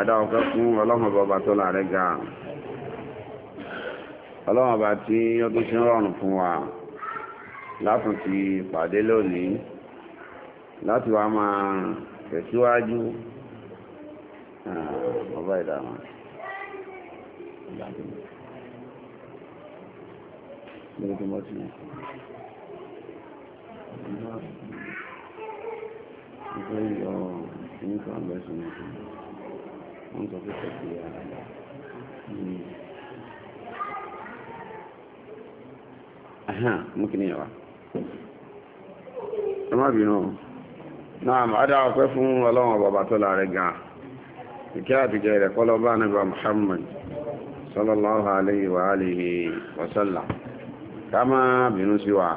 adáwọ̀kẹ́ fún ọlọ́mọba ọba tó láàrẹ́ ga ọlọ́mọba tí ó tún ṣe ń rọrùn fún wa látún ti pàdé lónìí láti wá máa tẹ̀síwájú ọba ìdàmà Thank you wọ́n sọ pé tẹ̀sí àlà ahan mú kí ni yàrá ẹ má bínú náà adá ọpẹ́ fún ọlọ́run bàbá tó láàrẹ gan ìkẹ́ àtìkẹ́ rẹ̀ kọ́lọ́ bá nígbà Muhammad sallallahu alayhi wa alihi wa sallam kama bínú sí wa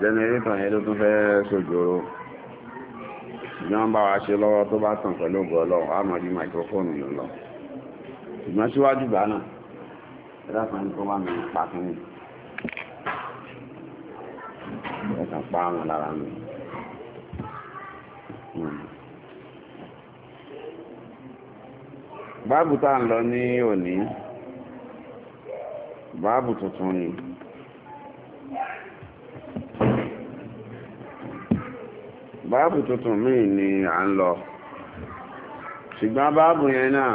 jẹnẹrétọ̀ yẹn ló tún fẹ́ sojoro. So ṣùgbọ́n bá wa ṣe lọ́wọ́ tó bá tàn pẹ̀lú ògbọ́ ọlọ́run á máa rí máìkrófóònù yìí lọ ṣùgbọ́n síwájú bá náà ẹ̀dá kan ní kó bá mi pa kí ni ẹ̀ kàn pa àwọn lára mi. Hmm. báàbù tá à ń lọ ní òní báàbù tuntun ni. báàbù tuntun míì ni à ń lọ ṣùgbọ́n báàbù yẹn náà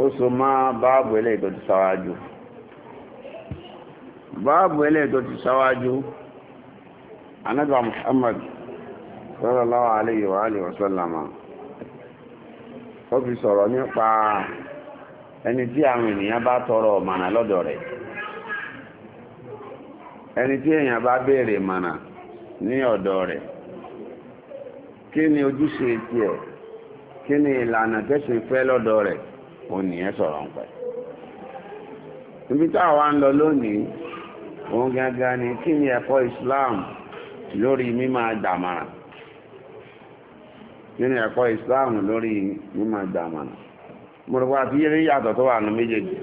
ó so maa báàbù eléyìí tó ti ṣáwájú báàbù eléyìí tó ti ṣáwájú Muhammad alayhi wa alihi wa ó fi sọ̀rọ̀ nípa ẹni tí àwọn ènìyàn bá tọrọ ọ̀mànà lọ́dọ̀ rẹ̀ ẹni tí èèyàn bá béèrè mànà ní ọ̀dọ̀ kí ni ojúṣe tiẹ̀ kí ni ìlànà tẹ́sìn fẹ́ lọ́dọ̀ rẹ òun nìyẹn sọ̀rọ̀ ń lọ lónìí òun gangan ni kí ni ẹkọ Islam lórí mímọ̀ àdàmàrà kí ni ẹ̀kọ́ Islam lórí àdàmàrà mo rò pé àti yàtọ̀ tó wà ní méjèèjì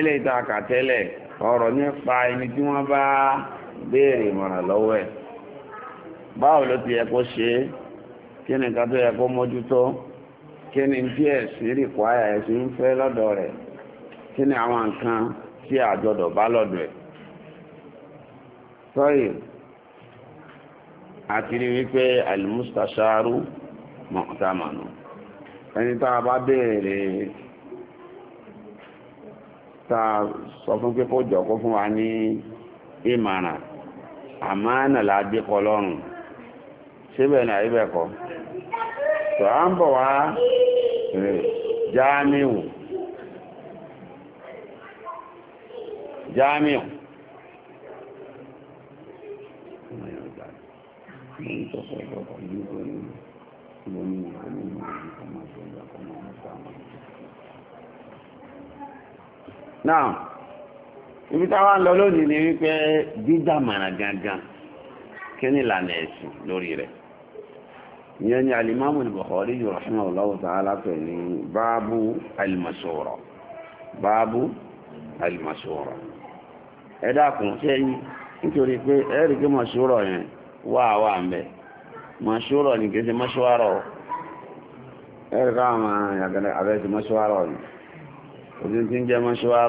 ilé ìta nípa ẹni tí bá béèrè báwo ló ti yẹ kó ṣe é kí ni nǹkan tó yẹ kó mójútó kí ni tí ẹ̀sìn rí kó àyà ẹ̀sìn ń fẹ́ lọ́dọ̀ rẹ̀ kí ni àwọn nǹkan tí àjọdọ̀ bá lọ́dọ̀ ẹ̀. sọ́yì àti wípé alimustasharu mọ̀tàmánù ẹni tá a bá béèrè tá a sọ fún pé kó jọ fún wa ní ìmọ̀ràn àmánà làá gbé kọ lọ́rùn síbẹ̀ ní àyíbẹ̀ kọ́ tó à ń bọ̀ wá rẹ̀ jámíù jámíù náà ibi táwa ń lọ lónìí ni wípé dídàmàrà gangan kí ni ìlànà ẹ̀sìn lórí ìyẹn ni alimamu al-Bukhari rahimahullahu ta'ala pẹ̀ ní báábù al-mashura báábù al-mashura ẹ dákun sẹ́yìn nítorí pé ẹ̀rí pé mashura yẹn wà wà ń bẹ̀ mashura ní kí n ṣe mashura ẹ̀rí káwọn abẹ́ ti mashura yìí òtún ti ń jẹ́ mashura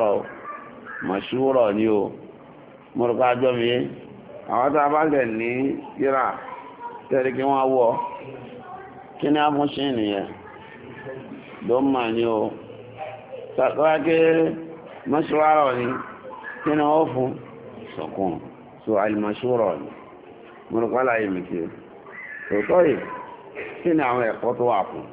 mashura ni o mọ̀rùkọ́ àjọ mi àwọn tá a bá gẹ̀ ní kíra tẹ́rì kí wọ́n wọ́ kí ní afúnṣe nìyẹn ló mà ní o tàbí kí mọ́ṣúwárọ̀ ni kí ní ó fún sọ̀kún so alìmọ̀ṣúrọ̀ ni mọ́rùkọ́lá yìí tí tòótọ́ yìí kí ní àwọn ẹ̀kọ́ tó wà fún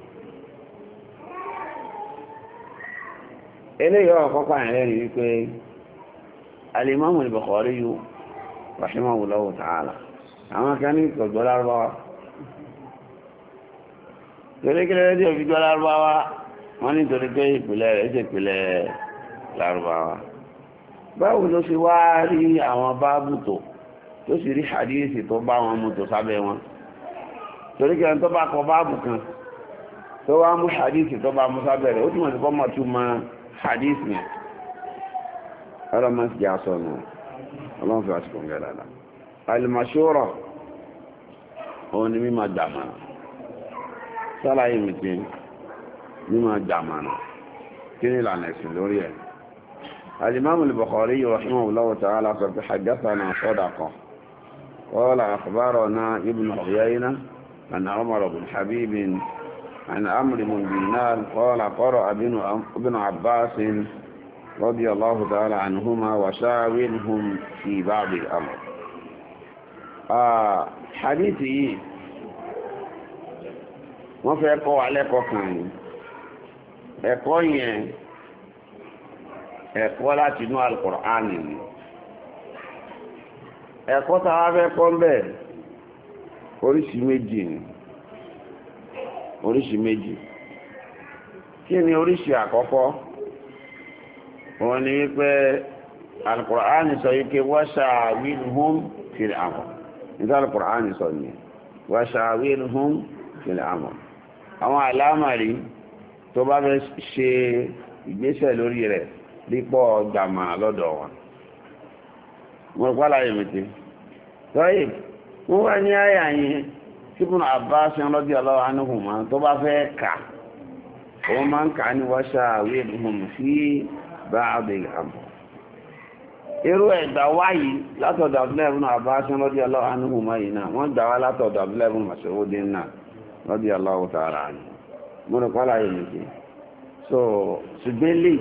àwọn kan ní ìkọ̀gbọ́ lárúbáwá torí kí lẹ́rẹ́ tí ò fi gbọ́ lárúbáwá wọ́n ní torí pé ìpìlẹ̀ rẹ̀ ṣe ìpìlẹ̀ lárúbáwá báwo ló ṣe wá rí àwọn báàbù tó tó sì rí hadisi tó bá wọn mu tó sábẹ́ wọn torí kí ẹni tó bá kọ báàbù kan tó wá mú hadisi tó bá mu sábẹ́ rẹ̀ ó túmọ̀ sí fọ́mọ̀ tó mọ hadisi yẹn ọlọ́mọ sì jẹ́ aṣọ ọlọ́mọ fi wá sí kòǹgẹ́ dáadáa المشوره هون مما mímọ̀ صلاه يمتين مما ti mímọ̀ لا kí الإمام البخاري رحمه الله تعالى قد حدثنا صدقة قال أخبرنا ابن عيينة عن عمر بن حبيب عن أمر بن دينار قال قرأ ابن عباس رضي الله تعالى عنهما وشاورهم في بعض الأمر Ah, hadithi yìí wọ́n fẹ́ kọ́ wa lẹ́kọ̀ọ́ kan yìí ẹ̀kọ́ yẹn ẹ̀kọ́ láti inú alukọ̀rọ̀ánì ni ẹ̀kọ́ tá a fẹ́ kọ́ bẹ́ oríṣi méjì ni oríṣi méjì kí ni oríṣi àkọ́kọ́ wọ́n ní wípé alukọ̀rọ̀ánì sọ yìí pé wọ́n ṣàwìn hún fìlà àwọn nítorí Kùránì sọ ni wà ṣàwírí hún ìlẹ̀ àmọ̀ àwọn àlámàrí tó bá fẹ́ ṣe ìgbésẹ̀ lórí rẹ̀ dípọ̀ gbàmà lọ́dọ̀ wọn mo pa láyé mi ti sọ́yì wọ́n wá ní àyà yẹn tí mo náà ọlọ́dí ọlọ́wọ́ tó bá fẹ́ kà òun máa ń kà ní wọ́ṣà wíìlì hùn sí bá àbẹ̀yẹ̀ àmọ̀ irú ẹ̀gbà wáyìí látọ̀dọ̀ abúlẹ́bùn àbáṣe lọ́dí aláwọ̀ anúhùnmá yìí náà wọ́n gbà wá látọ̀dọ̀ abúlẹ́bùn náà lọ́dí aláwọ̀ tààrà ni mo nìkí so ṣùgbẹ́lì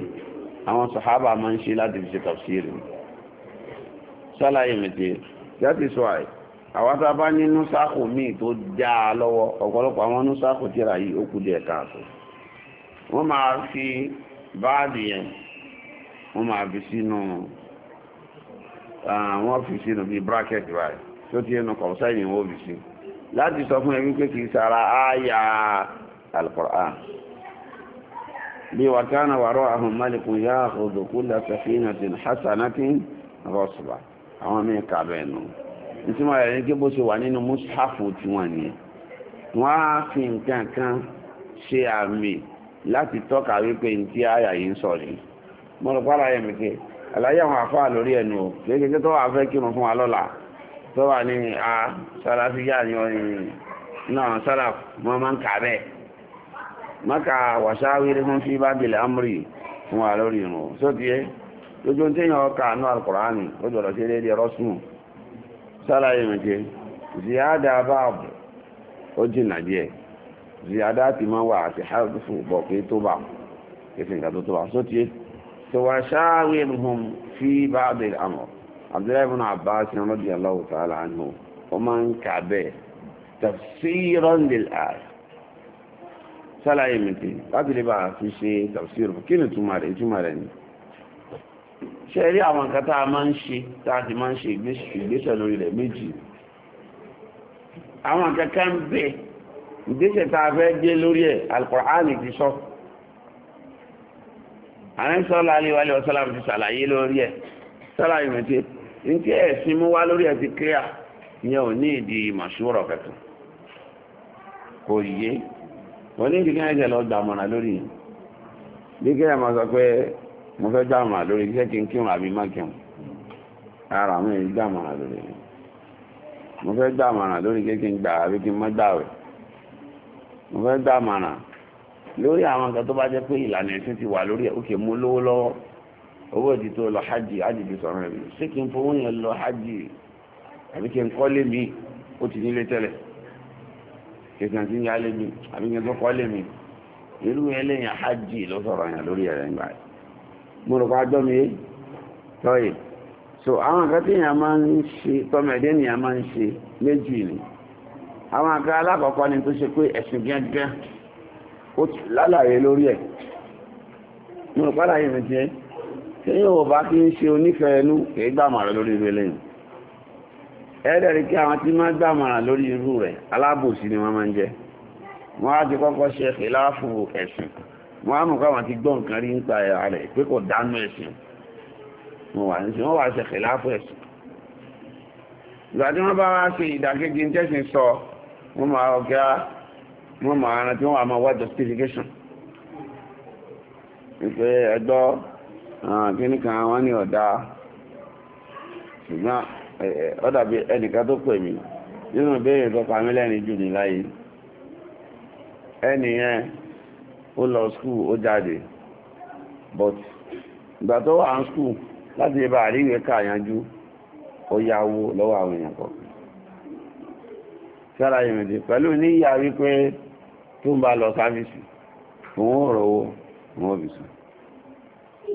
àwọn sàhábà máa ń ṣe láti fi ṣe tafsiri sọ́lá nìkí that is why àwọn tá a bá ní nùsáàkù míì tó já a lọ́wọ́ ọ̀pọ̀lọpọ̀ àwọn nùsáàkù àwọn ah, fi sínú bíi bracket báyìí tó ti ẹnu kọ̀ọ̀sá ìyẹn wọ́n fi sí láti sọ fún ẹ wípé kì í sara àyà al-Qur'an bí wà kánà wàrọ̀ ahùn malikun yá òdòkú lásàfihàn tí hasanatin rọ̀ṣùbà àwọn míì kà bẹ́ẹ̀ nù ìtumọ̀ rẹ̀ ní kí bó ṣe wà nínú mùsàfù tiwọn nìyẹn wọ́n á fi nǹkan kan ṣe àmì láti tọ́ka wípé ntí àyà yìí ń sọ ni mo rò àlàyé àwọn àfáà lórí ẹnu o kéèkéé tó wà fẹ́ kírun fún wa lọ́la tó wà ní a sálàfíyà ní ọ̀yìn náà sálà wọn máa ń kà bẹ́ẹ̀ mọ́kà wàṣáwírí fún fi bá bìlẹ̀ amúrì fún wa lórí ìrùn o só ti yé lójú tí yàn ọkà àánú alukùránì ó jọ̀rọ̀ sí lédi rọ́sùn sálà ìrìnkè ziyada báàbù ó jìnà díẹ̀ ziyada ti máa wà àti hàbùfù bọ̀ pé tó bá kí وشاورهم في بعض الأمر عبد الله بن عباس رضي الله تعالى عنه ومن كعبه تفسيرا للآية سلا يمتي قبل بقى في شيء تفسير كيف تماري تمارين ṣẹ̀rí àwọn nǹkan tá a máa ń ṣe tá a ti máa ń ṣe ìgbésẹ̀ lórí rẹ̀ méjì àwọn nǹkan àrẹ sọ́lá aléwálé ọ̀sọ́lá fi ṣàlàyé lórí ẹ̀ sọ́lá ìrìntì ní tí ẹ̀sìn mú wá lórí ẹ̀ kíríà ìyẹn ò ní ìdí màṣúrọ̀ kẹtàn kò wọ́n ní ìdíkẹ́ yìí mo fẹ́ lórí kí ń gbà mo fẹ́ lórí àwọn nǹkan tó bá jẹ́ pé ìlànà ẹ̀sìn ti wà lórí ẹ̀ òkè mú lówó lọ́wọ́ owó ìdí tó lọ hajj hajj ti sọ̀rọ̀ rẹ̀ ṣé kí n fowó yẹn lọ hajj àbí kí n kọ́lé mi ó ti nílé tẹ́lẹ̀ kí n ti ń yálé mi àbí kí n tó kọ́lé mi irú yẹn lẹ́yìn hajj ló sọ̀rọ̀ yẹn lórí ẹ̀rẹ̀ ńgbà yìí mo rò pa gbọ́ mi yé tọ́yì so àwọn nǹkan tí èèyàn máa ń ṣe tọ́mẹ̀dé nìyàn máa ń ṣe méjì ni àwọn nǹkan alákọ̀ọ́kọ́ ni tó ṣe pé ẹ̀sìn gẹ́gẹ́ lálàyé lórí ẹ̀ mọ̀ pàdàyé mi jẹ́ tí yóò bá kí ń ṣe onífẹ́ ẹnu kìí gbàmàrà lórí irú eléyìn ẹ̀ẹ́dẹ̀rí kí àwọn tí máa gbàmàrà lórí irú rẹ̀ alábòsí ni wọ́n máa ń jẹ́ wọ́n á ti kọ́kọ́ ṣe kìláàfù ẹ̀sìn wọ́n á mọ̀ káwọn ti gbọ́ nǹkan rí nípa ẹ̀rọ rẹ̀ pé kò dánú ẹ̀sìn wọ́n wà ní wọ́n wà ṣe kìláàfù ẹ̀sìn ìgbà tí wọ́n bá wá ṣe ìdàkejì ń tẹ̀sìn sọ wọ́n máa ọ̀gá wọ́n mọ̀ ara tí wọ́n wà máa wá justification wípé ẹgbọ́ kíní kan wọ́n ní ọ̀dá ṣùgbọ́n ọ̀dàbí ẹnìkan tó pè mí nínú ìbéèrè tó pa mí lẹ́rin jù ní láyé ẹnìyẹn ó lọ skúù o jade but ìgbà tó wà ń láti ibà àríwẹ̀ ká lọ́wọ́ àwọn èèyàn kọ̀ọ̀kan sára ìrìnàjò pẹ̀lú tó ń bá lọ sáfíìsì òun ò rọwọ́ òun ò fi sùn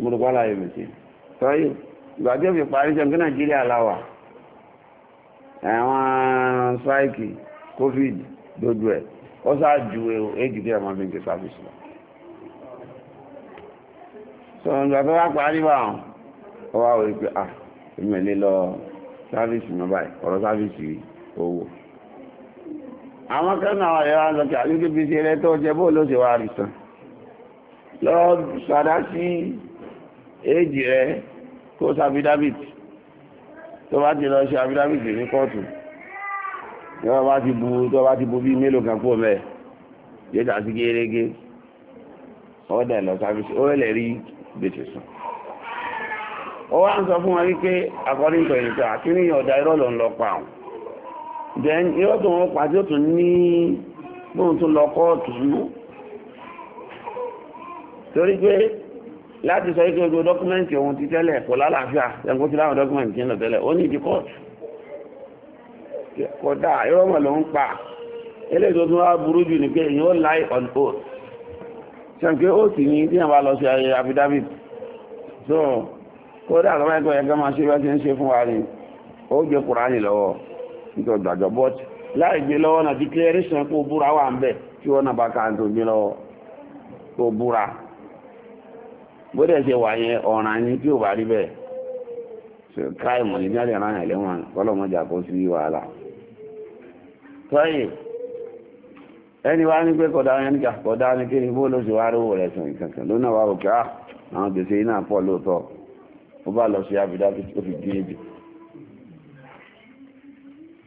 mo rò pálá yẹn mẹsẹ tọ́yì ìgbà tí ó fi parí sẹ́ńkì nàìjíríà láwà àwọn sáìkì covid dojú ẹ̀ ó sáà ju èjì tí ẹ̀ máa fi ń ṣe sáfíìsì lọ sọ̀rọ̀gbà tó wá parí bá wọn ó wá wọ́n pé à ah, èmi lọ sáfíìsì mi ọ̀rọ̀ sáfíìsì owó àwọn kẹ́nà ẹ̀rọ lọ́kẹ́ àríkí bí ṣe rẹ tó jẹ bóò ló ṣe wà lọ sàdá sí èjì rẹ kó sàbídábìt tó ti lọ ṣe àbídábìt ní kóòtù tó bá ti bu ti bí mélòó kan kúrò mẹ́ẹ̀ yóò dà sí gẹ́gẹ́ ọ̀dà lọ sàbíṣe ó lè rí gbèsè sàn ó wá ń sọ fún wọn wípé then yóò tó wọn pàdé ó tún ní bóun tún lọ kóòtù mú torí pé láti sọ ike gbogbo dọ́kúmẹ́ǹtì ohun ti tẹ́lẹ̀ kò lálàáfíà ẹ̀kọ́ ti láwọn dọ́kúmẹ́ǹtì ti ń lọ tẹ́lẹ̀ ó ní ìdí kóòtù kódà irọ́ mọ̀ ló ń pa eléyìí tó tún wá burú jù ní pé èyí ó láì on oath ṣàǹkẹ́ ó sì ní tí wọ́n bá lọ sí ayé affidavit so kódà àtọ́wọ́ ẹ̀kọ́ ẹ̀kọ́ máa ṣe bí wọ́n ti ń ṣe fún wa ni ó gbé Kùránì lọ́wọ́ nítorí gbàgbọ́ but láì gbé lọ́wọ́ náà declaration kó búra wà ń bẹ̀ tí wọ́n náà bá ká tó gbé lọ́wọ́ kó búra bó dẹ̀ ṣe wà yẹn ọ̀ràn ni tí ò bá rí bẹ́ẹ̀ ṣe káìmọ̀ ní jáde ara yẹn lẹ́wọ̀n kọ́lọ́mọjà kó sí wàhálà tọ́yìn ẹni wá ní pé kọ̀dá ẹni jà kọ̀dá ní kí ni bó ló ṣe wá rówó rẹ̀ sàn ìkankan lónà wá òkè ah, àwọn gbèsè iná pọ̀ lóòótọ́ ó bá lọ sí abidá tó fi dín e ìdí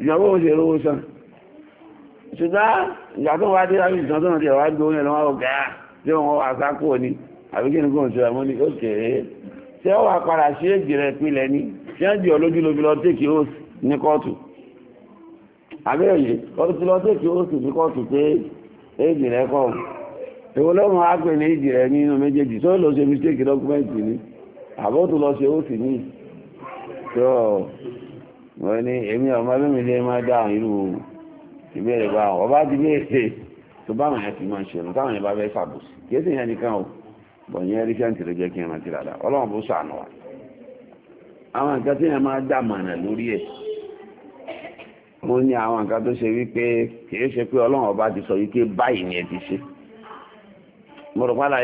ìyàwó òun ṣe rówó san ṣùgbọ́n ìgbà tó wá dé láti ìtàn tó náà ti ẹ̀wà gbé oúnjẹ lọ́wọ́ ọ̀gá tí wọ́n wà sákò ní àbí kí ni kò ń ṣe àmọ́ ní òkèèrè tí wọ́n wà padà sí èjì rẹ̀ pinlẹ̀ ní tí wọ́n di ọlójú lójú lọ tèkì ó ní kóòtù àbẹ́òye ọdún tí lọ tèkì ó sì ní kóòtù pé èjì rẹ̀ kọ́ èwo lọ́mọ á pè ní èjì rẹ̀ nínú méjèèjì tó lọ ṣe mistake dọ́kúmẹ́ǹtì ni àbótú ó sì ní wọ́n ní èmi ọmọ lómi ma daa iru irú ìbéèrè bá ọba ti béèrè tó bá wọn yẹn ti máa yẹn bá o bọ̀ yẹn jẹ́ kí n rántí ọlọ́run bó sànù wa àwọn nǹkan tí yẹn máa dà mọ̀nà lórí ẹ̀ mo ní àwọn nǹkan tó ṣe wípé kì ṣe pé ọlọ́run ọba ti sọ wípé báyìí ni ti ṣe mo rò pálá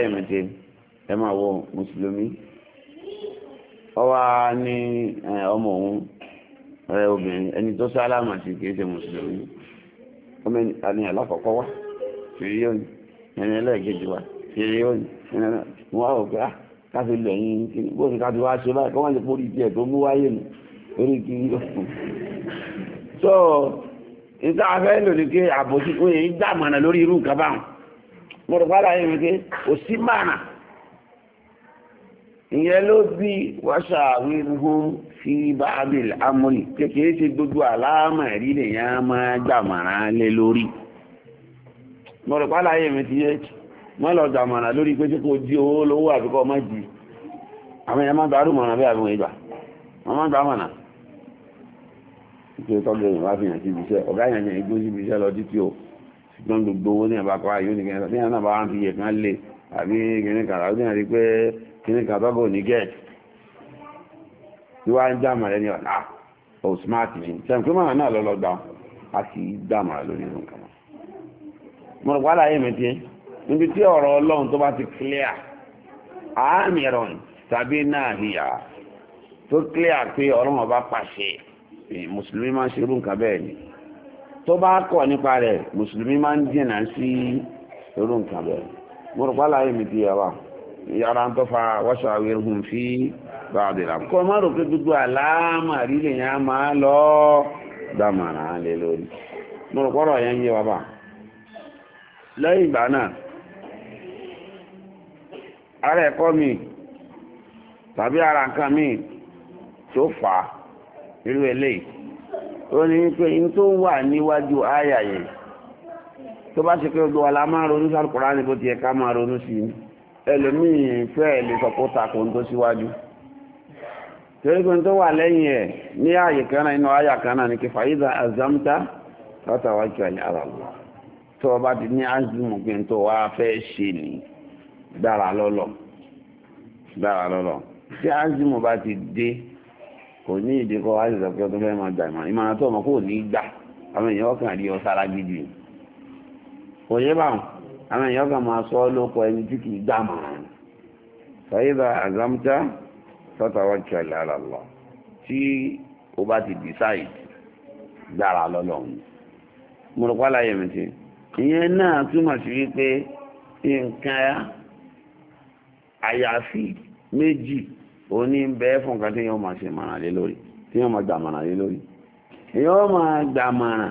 ẹ obìnrin ẹni tó sálámà sí kìí ṣe mùsùlùmí ọmọ ẹni alákọ̀ọ́kọ́ wá fìríyóni ẹni ẹlẹ́ẹ̀kejì wá fìríyóni ẹni wọn á rò pé ah, káfí lọ ẹyin kí bó ti káfí wá ṣe báyìí kọ́ wọ́n ti pórí tiẹ̀ tó mú wáyé nù orí kí yọkùn. so níta afẹ́ lò ní pé àbòsí kò yẹ ń dàmọ̀nà lórí irú nǹkan báwọn mo rò pàdánù yìí pé kò sí mànà ìyẹn ló bí wáṣà wíwọ́n fi abil amúlì kékeré ṣe gbogbo àlámà rí lèyàn máa gbàmàrà lé lórí mọ̀rọ̀ páláyé mi ti yé mọ́ gbàmàrà lórí pé tí kò di owó lówó àbíkọ́ má jì àwọn èèyàn máa gbárù mọ̀ràn bí àbíwọ̀n ìgbà wọ́n máa gbàmàrà nítorí tọ́jú fi hàn sí ibiṣẹ́ ọ̀gá kìíní kan tọ́gbọ̀ ní gẹ̀ẹ́tì tí wá ń dámà rẹ̀ ní ọ̀nà ni ah, sẹ́mkú máa náà lọ́lọ́gbà a sì dámà rẹ̀ lórí ìrùn kan mo rò wálá yìí mẹ́tí níbi tí ọ̀rọ̀ ọlọ́run tó bá ti clear àmì tàbí náà hìyà tó clear pé ọba pàṣẹ mùsùlùmí máa ń ṣe irú nǹkan bẹ́ẹ̀ ni tó bá kọ̀ yàrá ń tọ́fà wọ́ṣàwérhùn fi báàdìlá kọ́ má rò pé gbogbo àlámà rí lè yàn máa lọ dámàrà lè lórí mo rò pọ́rọ̀ yẹn yé wa bá lẹ́yìn ìgbà náà ara ẹ̀kọ́ mi tàbí ara nǹkan mi tó fà á irú eléyìí ó ní pé in tó wà níwájú áyà yẹn tó bá ṣe pé gbogbo àlámà ronú sálùkùrá ní bó ti ẹ̀ka máa ronú sí i ẹlòmíì fẹ́ lè sọpọ̀ takò tó síwájú torí pé tó wà lẹ́yìn ẹ̀ ní ààyè kan náà inú àyà kan náà ni kí fàyíza azamta látàwájú àyà ara lọ tó o bá ti ní azimu pé tó wá fẹ́ ṣe ní dára lọ́lọ́ dára lọ́lọ́ tí azimu bá ti dé kò ní ìdí kọ́ wá ṣẹ̀ṣẹ̀ pé ọdún fẹ́ máa gbà ìmọ̀ ìmọ̀ràn tó ọmọ kò ní gbà àwọn èèyàn ọkàn rí ọ gidi kò yé báwọn àwọn èèyàn kan sọ lóko ẹni jiki kìí gbà mọ́ ọ́n fàyídà tí o bá ti decide gbára lọ́lọ́run mo rò pálá yẹn mi ti ìyẹn náà túmọ̀ sí wípé nǹkan meji méjì òní ń bẹ fún tí yóò máa ṣe màrà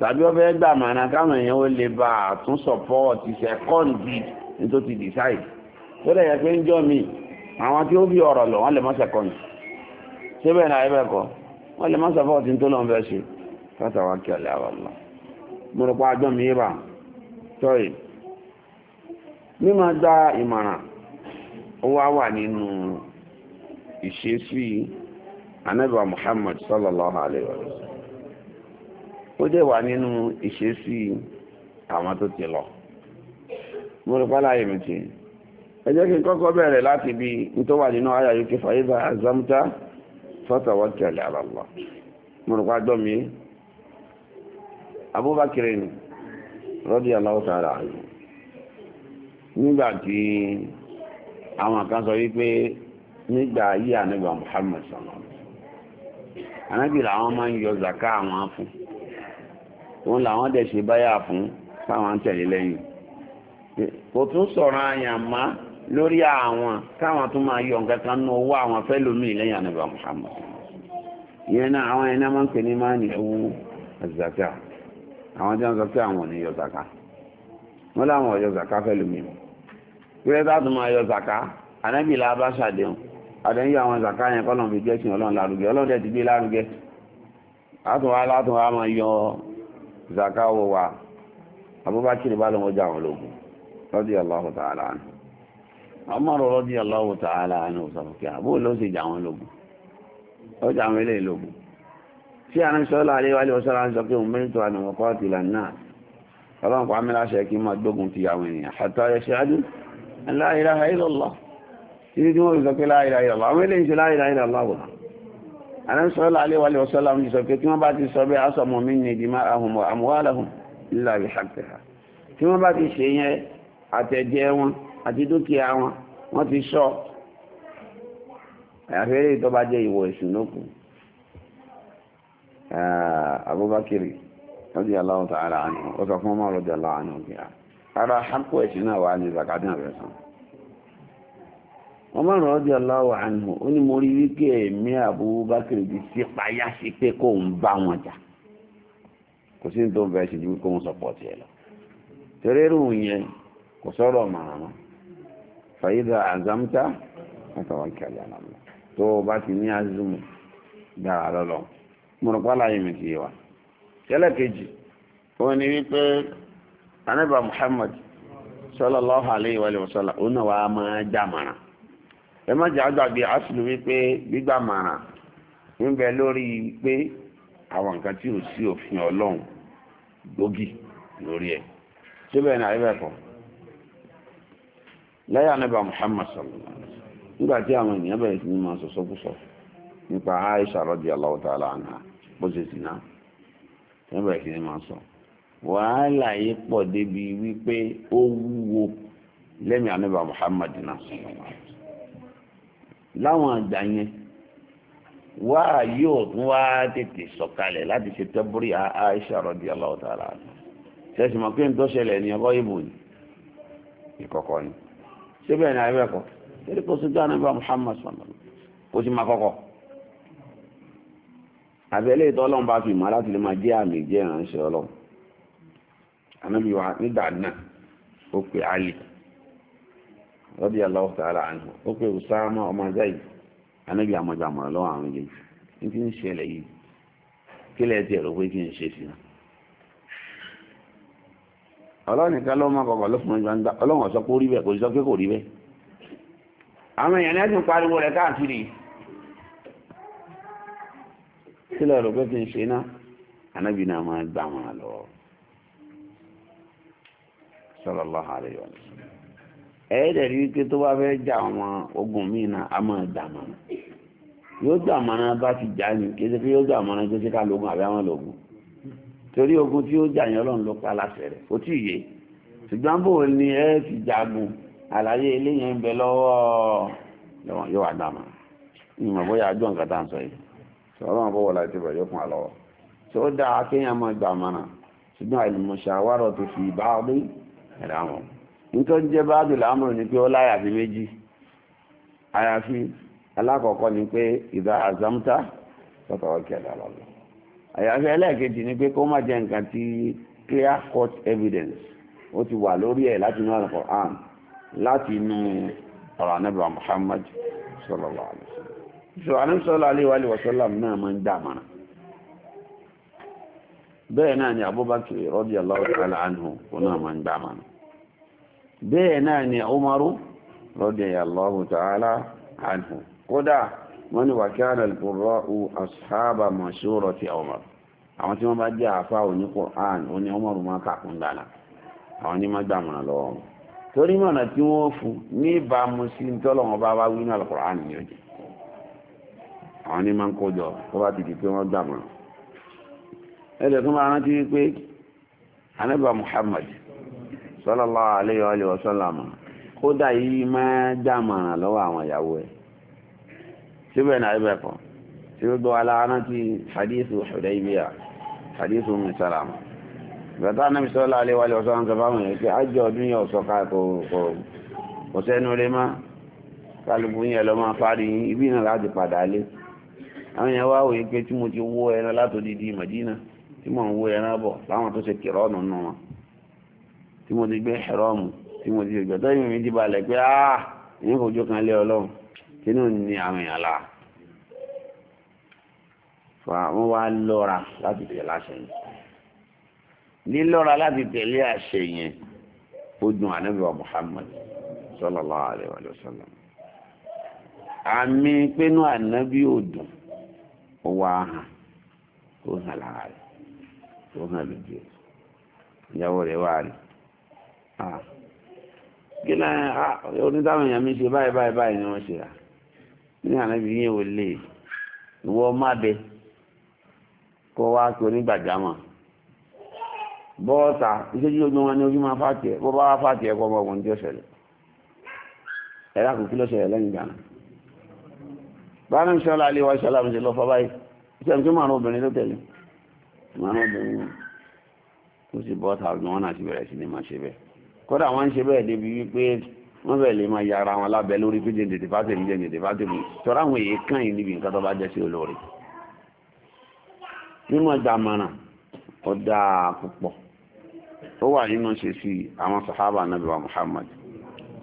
tàbí ọbẹ̀ gbà màánà káwọn èèyàn ó lè bá àtún sọ̀pọ́ọ̀tì sẹ́kọ́ǹdì ní tó ti dìsáìdì tó dẹ̀ yẹ pé ń jọ mi àwọn tí ó bí ọ̀rọ̀ lọ wọ́n lè má sẹ́kọ́ǹdì síbẹ̀ náà ẹ̀bẹ̀ kọ́ wọ́n lè má sọ̀pọ́ọ̀tì tó lọ́n fẹ́ ṣe látàwọn kí ọ̀lẹ́ àwọn lọ. mo rò pa àjọ mi rà tọ́yì mímọ gba ìmọ̀ràn ó wá wà nínú ìṣesí anábìwá Muhammad sallallahu alayhi wa sallam ó dẹ̀ wà nínú ìṣesí àwọn tó ti lọ mo rí pálá yìí ti ẹ jẹ́ kí n kọ́kọ́ bẹ̀rẹ̀ láti bí n tó wà nínú ayà yìí kí fàyíbà azámútá fatawakkal ala Allah mo rí pá gbọ́ mi Abubakar ni radiyallahu ta'ala anhu nígbà tí àwọn kan sọ wípé nígbà ayé ànábì Muhammad sallallahu alaihi wasallam máa ń yọ zaka àwọn fún òun làwọn dẹ̀ ṣe báyà fún fáwọn tẹ̀lé lẹ́yìn kò tún sọ̀rọ̀ àyàn má lórí àwọn káwọn tún máa yọ nǹkan kan nú owó àwọn fẹ́ lómi lẹ́yìn ànábà Muhammad ìyẹn náà àwọn ẹni máa ń pè ní máa ní owó àzàkà àwọn tí wọ́n sọ pé àwọn ò ní yọ zàkà wọ́n láwọn ọ̀yọ́ zàkà fẹ́ lómi wíwẹ́ bá tún máa yọ zàkà ànábìlà bá ṣàdéhùn àdéhùn àwọn zàkà yẹn kọ́lọ̀ fi jẹ́sìn ọlọ́run lárugẹ ọlọ́run dẹ̀ ti gbé lárugẹ látùn wá máa yọ zaka wo wa abubakar bá lọ́wọ́ jà wọn lógun radiyallahu ta'ala anhu Umar radiyallahu ta'ala anhu sọ̀rọ̀kẹ́ àbúrò ló sì jà wọn lógun ó jà wọn ilé lógun tí a ń sọ láàrin wálé ọ̀sọ́ra ń sọ pé òun mẹ́rìntò àni ọkọ̀ ti là náà ọlọ́run pa mẹ́ra ṣe kí máa gbógun ti àwọn ènìyàn àtà ẹ̀ṣẹ́ adú la ilaha illallah títí tí wọ́n sọ pé la ilaha illallah àwọn eléyìí ṣe la ilaha illallah wọ̀nà àrẹ́sọ́lá aléwàlẹ̀ ọ̀sọ́lá ń sọ pé tí wọ́n bá ti sọ bẹ́ asọ̀mọ̀ mi ní ìdìmá ahùnmọ̀ àmúwàláhùn ìlàrí ṣàkẹ́hà tí wọ́n bá ti ṣe yẹn àtẹ̀jẹ́ wọn àti dúkìá wọn wọ́n ti sọ àfẹ́rẹ́ tó jẹ́ ìwọ̀ ẹ̀sùn lókù Abubakar aláwọ̀ tààrà àná ó fún ọmọ rọ́dí aláwọ̀ àná Umar radiyallahu anhu ó ní mo rí wípé ẹ̀mí Abubakar di sí payá sí pé kó ń bá wọn jà kò sí ní tó ń bẹ̀rẹ̀ sí ju kó ń sọ̀pọ̀ tiẹ̀ lọ tẹ̀rẹ́rù yẹn kò sọ̀rọ̀ màmá fàyídà tó o bá ti ní azumu dára yìí mi ti wa kejì ó ní wípé anábà Muhammad ó náà wàá máa ẹ má jẹ́ àgbàgbé àṣìlú wípé gbígbà màrà ń bẹ lórí pé àwọn nǹkan tí ò sí òfin ọlọ́run gbòógì lórí ẹ̀ síbẹ̀ ní àyẹ̀bẹ̀ Muhammad nígbà tí àwọn ènìyàn bẹ̀rẹ̀ sí ní máa nípa Aisha bó ṣe sì náà bẹ̀rẹ̀ sí ní máa sọ wàhálà yìí pọ̀ débi láwọn àgbà yẹn wá yóò tún wá tètè sọ̀kalẹ̀ láti ṣe tẹ́búrí Aisha radiyallahu ta'ala ṣẹ́sì mọ̀ pé ń tó ṣẹlẹ̀ ní ọgọ́ ìbò ní ìkọ̀kọ̀ ni síbẹ̀ ní ayé ẹ̀kọ́ torí kò sí dáná bá Muhammad sallallahu kò sí máa kọ́kọ́ àbẹ̀lẹ̀ ìtọ́ ọlọ́run bá fi mọ́ láti lè máa jẹ́ àmì jẹ́ ìránṣẹ́ ọlọ́run ànábì nígbà náà ó pè Ali rọ́bì aláwọ̀ tààrà àánú ó pé Usama ọmọ zayi anábì amọ̀jàmọ̀ lọ́wọ́ àwọn yìí ní kí ń ṣẹlẹ̀ yìí kí lẹ́ẹ̀ tiẹ̀ rò pé kí ń ṣe sí i ọlọ́run nìkan ló máa kọ̀kọ̀ ló ọjọ́ ọlọ́run ọ̀sọ́ kó rí bẹ́ẹ̀ kò sọ pé kò rí bẹ́ẹ̀ àwọn èèyàn ti ń pariwo káàkiri pé kí n ṣe anábì náà ẹ̀ẹ́dẹ̀ rí wípé tó bá fẹ́ jà àwọn ogun míì náà a máa dàmọ̀nà yóò dàmọ̀nà bá ti jà ní kéde pé yóò dàmọ̀nà tó ṣe ká lógun àbí àwọn lógun torí ogun tí ó jà yẹn ọlọ́run ló pa láṣẹ rẹ̀ kò tí ì yé ṣùgbọ́n bò ní ẹ ti jagun àlàyé eléyìí ń bẹ lọ́wọ́ yóò wá dàmọ̀nà ìmọ̀ bóyá ajọ́ nǹkan tá à ń sọ yìí sọ̀rọ̀ àbọ̀wọ̀ láti bẹ̀ yóò fún àlọ́wọ́ tí ó dáa kéèyàn máa gbàmọ̀nà ṣùgbọ́n àìlùmọ̀ṣàwárọ̀ tó fi ìbá ọdún ẹ̀dá wọn. nítorí jẹ́ báàdù lámùrù ni pé ó láyà fi méjì àyàfi alákọ̀ọ́kọ́ ni pé ìdá àzámútá ala Allah àyàfi ẹlẹ́ẹ̀kejì ni pé kó má jẹ́ nǹkan ti clear court evidence ó ti wà lórí ẹ̀ láti inú Al-Qur'an láti inú ọ̀rọ̀ anábìá Muhammad sallallahu bẹ́ẹ̀ náà ni umaru radiyallahu ta'ala anhu kódà wọ́n ni wàkíyàn alìkùrọ̀ u asáàbà mọ̀ṣúrọ̀ ti umar àwọn tí wọ́n bá jẹ́ àfá òní Qur'an òní umaru máa kàkún dáná àwọn ní máa gbàmùnà lọ́wọ́ wọn torí mọ̀nà tí wọ́n fún ní ìbámu sí tọ́lọ́wọ́n bá wá wí ní alìkùrọ̀ ni yóò jẹ́ àwọn Muhammad sallallahu alaihi wa sallam kódà yìí máa dámọ̀ràn lọ́wọ́ àwọn ìyàwó ẹ̀ síbẹ̀ náà ibẹ̀ kọ́ tí ó gbọ́ aláàrán ti hadithu Hudaybiyah hadithu Umm Salama bẹ̀tà náà sallallahu alaihi wa sallam sọ fáwọn èèyàn pé ájọ ọdún yẹn ọ̀sọ̀ ká kò kò sẹ́nu rẹ má kálukú yẹn lọ máa parí ibi náà láti padà lé àwọn èèyàn wá wòye pé tí mo ti wó ẹran látòdìdí Madina tí mò ń wó ẹran bọ̀ láwọn tó ṣe kìrọ́ọ̀nù nù tí mo ti gbé ẹ̀rọ́mù tí mo ti gbẹ̀tọ́ ìmọ̀ mi ti balẹ̀ pé áà ah, èyí kò jó kan lé ọlọ́run kí ní òun ni àwọn èèyàn láà fa wọ́n wá lọ́ra láti tẹ̀lé àṣẹ yẹn lílọ́ra láti tẹ̀lé àṣẹ yẹn ó dùn ànábì wa Muhammad sallallahu alaihi wa sallam àmì pínú ànábì ò dùn ó wá hàn ó hàn láàárín ó hàn lójú ìyàwó rẹ̀ wá rí kí náà onídàwọn èèyàn mi ṣe báyìí báyìí báyìí ni wọ́n ṣe à ní ànábì yín ò lè ìwọ máde kó wá pé onígbàjámọ̀ bọ́ọ̀tà ìṣẹ́jú ojú wọn ni ojú máa fàtì ẹ̀ bó bá wá fàtì ẹ̀ kọ́ ọmọ ọkùnrin tí ó ṣẹlẹ̀ ẹ̀rá kò kí ló ṣẹlẹ̀ lẹ́yìn ìgbà náà báyìí ní sọ́lá alẹ́ wa sọ́lá mi ṣe lọ fọ́bá yìí iṣẹ́ tí màrún obìnrin ló tẹ̀lé màrún obìnrin tó sì bọ́ọ̀tà ọdún wọn náà bẹ̀rẹ̀ sí ni máa ṣe bẹ́ẹ̀ kódà wọ́n ń ṣe bẹ́ẹ̀ débi wípé wọ́n bẹ̀rẹ̀ lè máa yára wọn lábẹ́ lórí pé jẹ́ ǹdẹ̀dẹ̀ fásitì jẹ́ ǹdẹ̀dẹ̀ fásitì tọ́ra àwọn èyí kàn yín níbi nǹkan tó bá jẹ́ sí olóore nínú ọjà ó dáa púpọ̀ ó wà nínú ṣe sí àwọn sàhábà nàbí wa Muhammad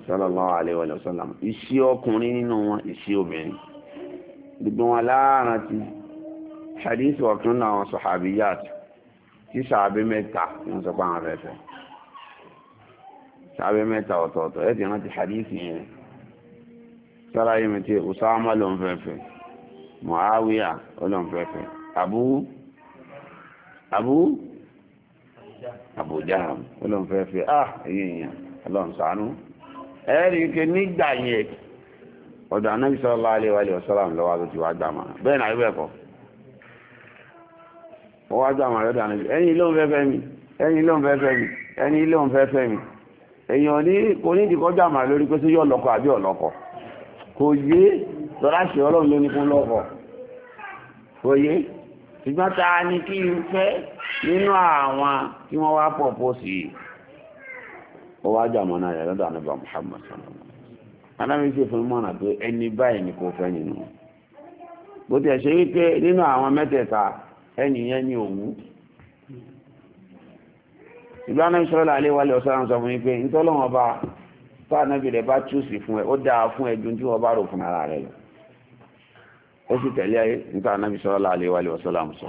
sallallahu alaihi wa sallam iṣẹ́ ọkùnrin nínú wọn iṣẹ́ obìnrin gbogbo wọn láàárín ti hadith ọ̀kan náà àwọn sàhábíyàt tí sàhábí mẹ́ta ń sọ pé àwọn fẹ́fẹ́ sábẹ́ mẹ́ta ọ̀tọ̀ọ̀tọ̀ ẹ̀ ti rántí hadith yẹn sára yìí mi ti Usama ló ń fẹ́fẹ́ Muawiya ló ń fẹ́fẹ́ Abu Abu Abu Jahm ló ń fẹ́fẹ́ ah èyí yẹn ọlọ́run sànú ẹ̀rí ike nígbà yẹn ọ̀dọ̀ anábì sallallahu alaihi wa sallam lọ́wọ́ ló ti wá gbà máa bẹ́ẹ̀ náà ibẹ̀ kọ́ ọwọ́ gbà lọ́dọ̀ anábì ẹ̀yin ló ń fẹ́fẹ́ mi ẹ̀yin ló ń fẹ́fẹ́ mi ẹ̀yin ló ń fẹ́fẹ́ mi èèyàn ní onídìkọjá màá lórí pé sí yọ lọ́kọ àbí ọlọ́kọ kò yé lọ́láṣẹ ọlọ́run ló ní fún lọ́kọ kò yé ṣùgbọ́n ta ni kí n fẹ́ nínú àwọn tí wọ́n wá pọ̀pọ̀sì ó wá jàmọ́ náà yẹ lọ́dọ̀ àníbà Muhammad sallallahu alámi ṣe ni kò fẹ́ nínú bó ti ẹ̀ ṣe wípé nínú àwọn mẹ́tẹ̀ẹ̀ta ìgbà náà sọ́lá aléwálé ọ̀sán sọ fún ipé ìtọ́lọ́wọ́n bá tánàbí rẹ̀ bá túsì fún ẹ ó dáa fún ẹdùn tí wọ́n bá rò fún ara rẹ̀ lọ ó sì tẹ̀lé ayé níta náà sọ́lá aléwálé ọ̀sán sọ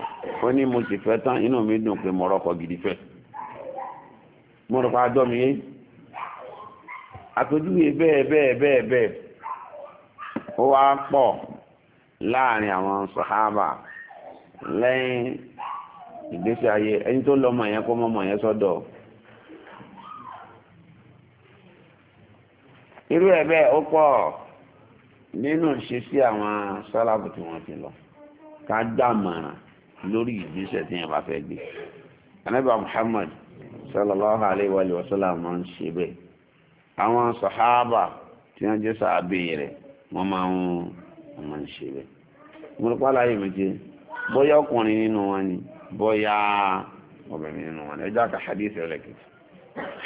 fẹ́ tán inú mi dùn pé mo gidi fẹ́ mo rò pa bẹ́ẹ̀ bẹ́ẹ̀ bẹ́ẹ̀ ìgbésí ayé ẹni tó lọ́mọ yẹn kó mọ́mọ yẹn sọ́dọ̀ irú ẹ̀ bẹ́ẹ̀ ó pọ̀ nínú ṣe sí àwọn sálàbù tí wọ́n ti lọ ká dámọ̀ràn lórí ìgbésẹ̀ tí yẹn bá fẹ́ gbé anábà Muhammad sallallahu alayhi wa sallam máa ń ṣe bẹ́ẹ̀ àwọn sàhábà tí wọ́n jẹ́ sàábì rẹ̀ wọ́n máa ń wọ́n máa ń ṣe bẹ́ẹ̀ mo rí pàlàyé mi jẹ́ bóyá ọkùnrin nínú wọn ni bóyá obìnrin nínú wọn ẹjá ka hadith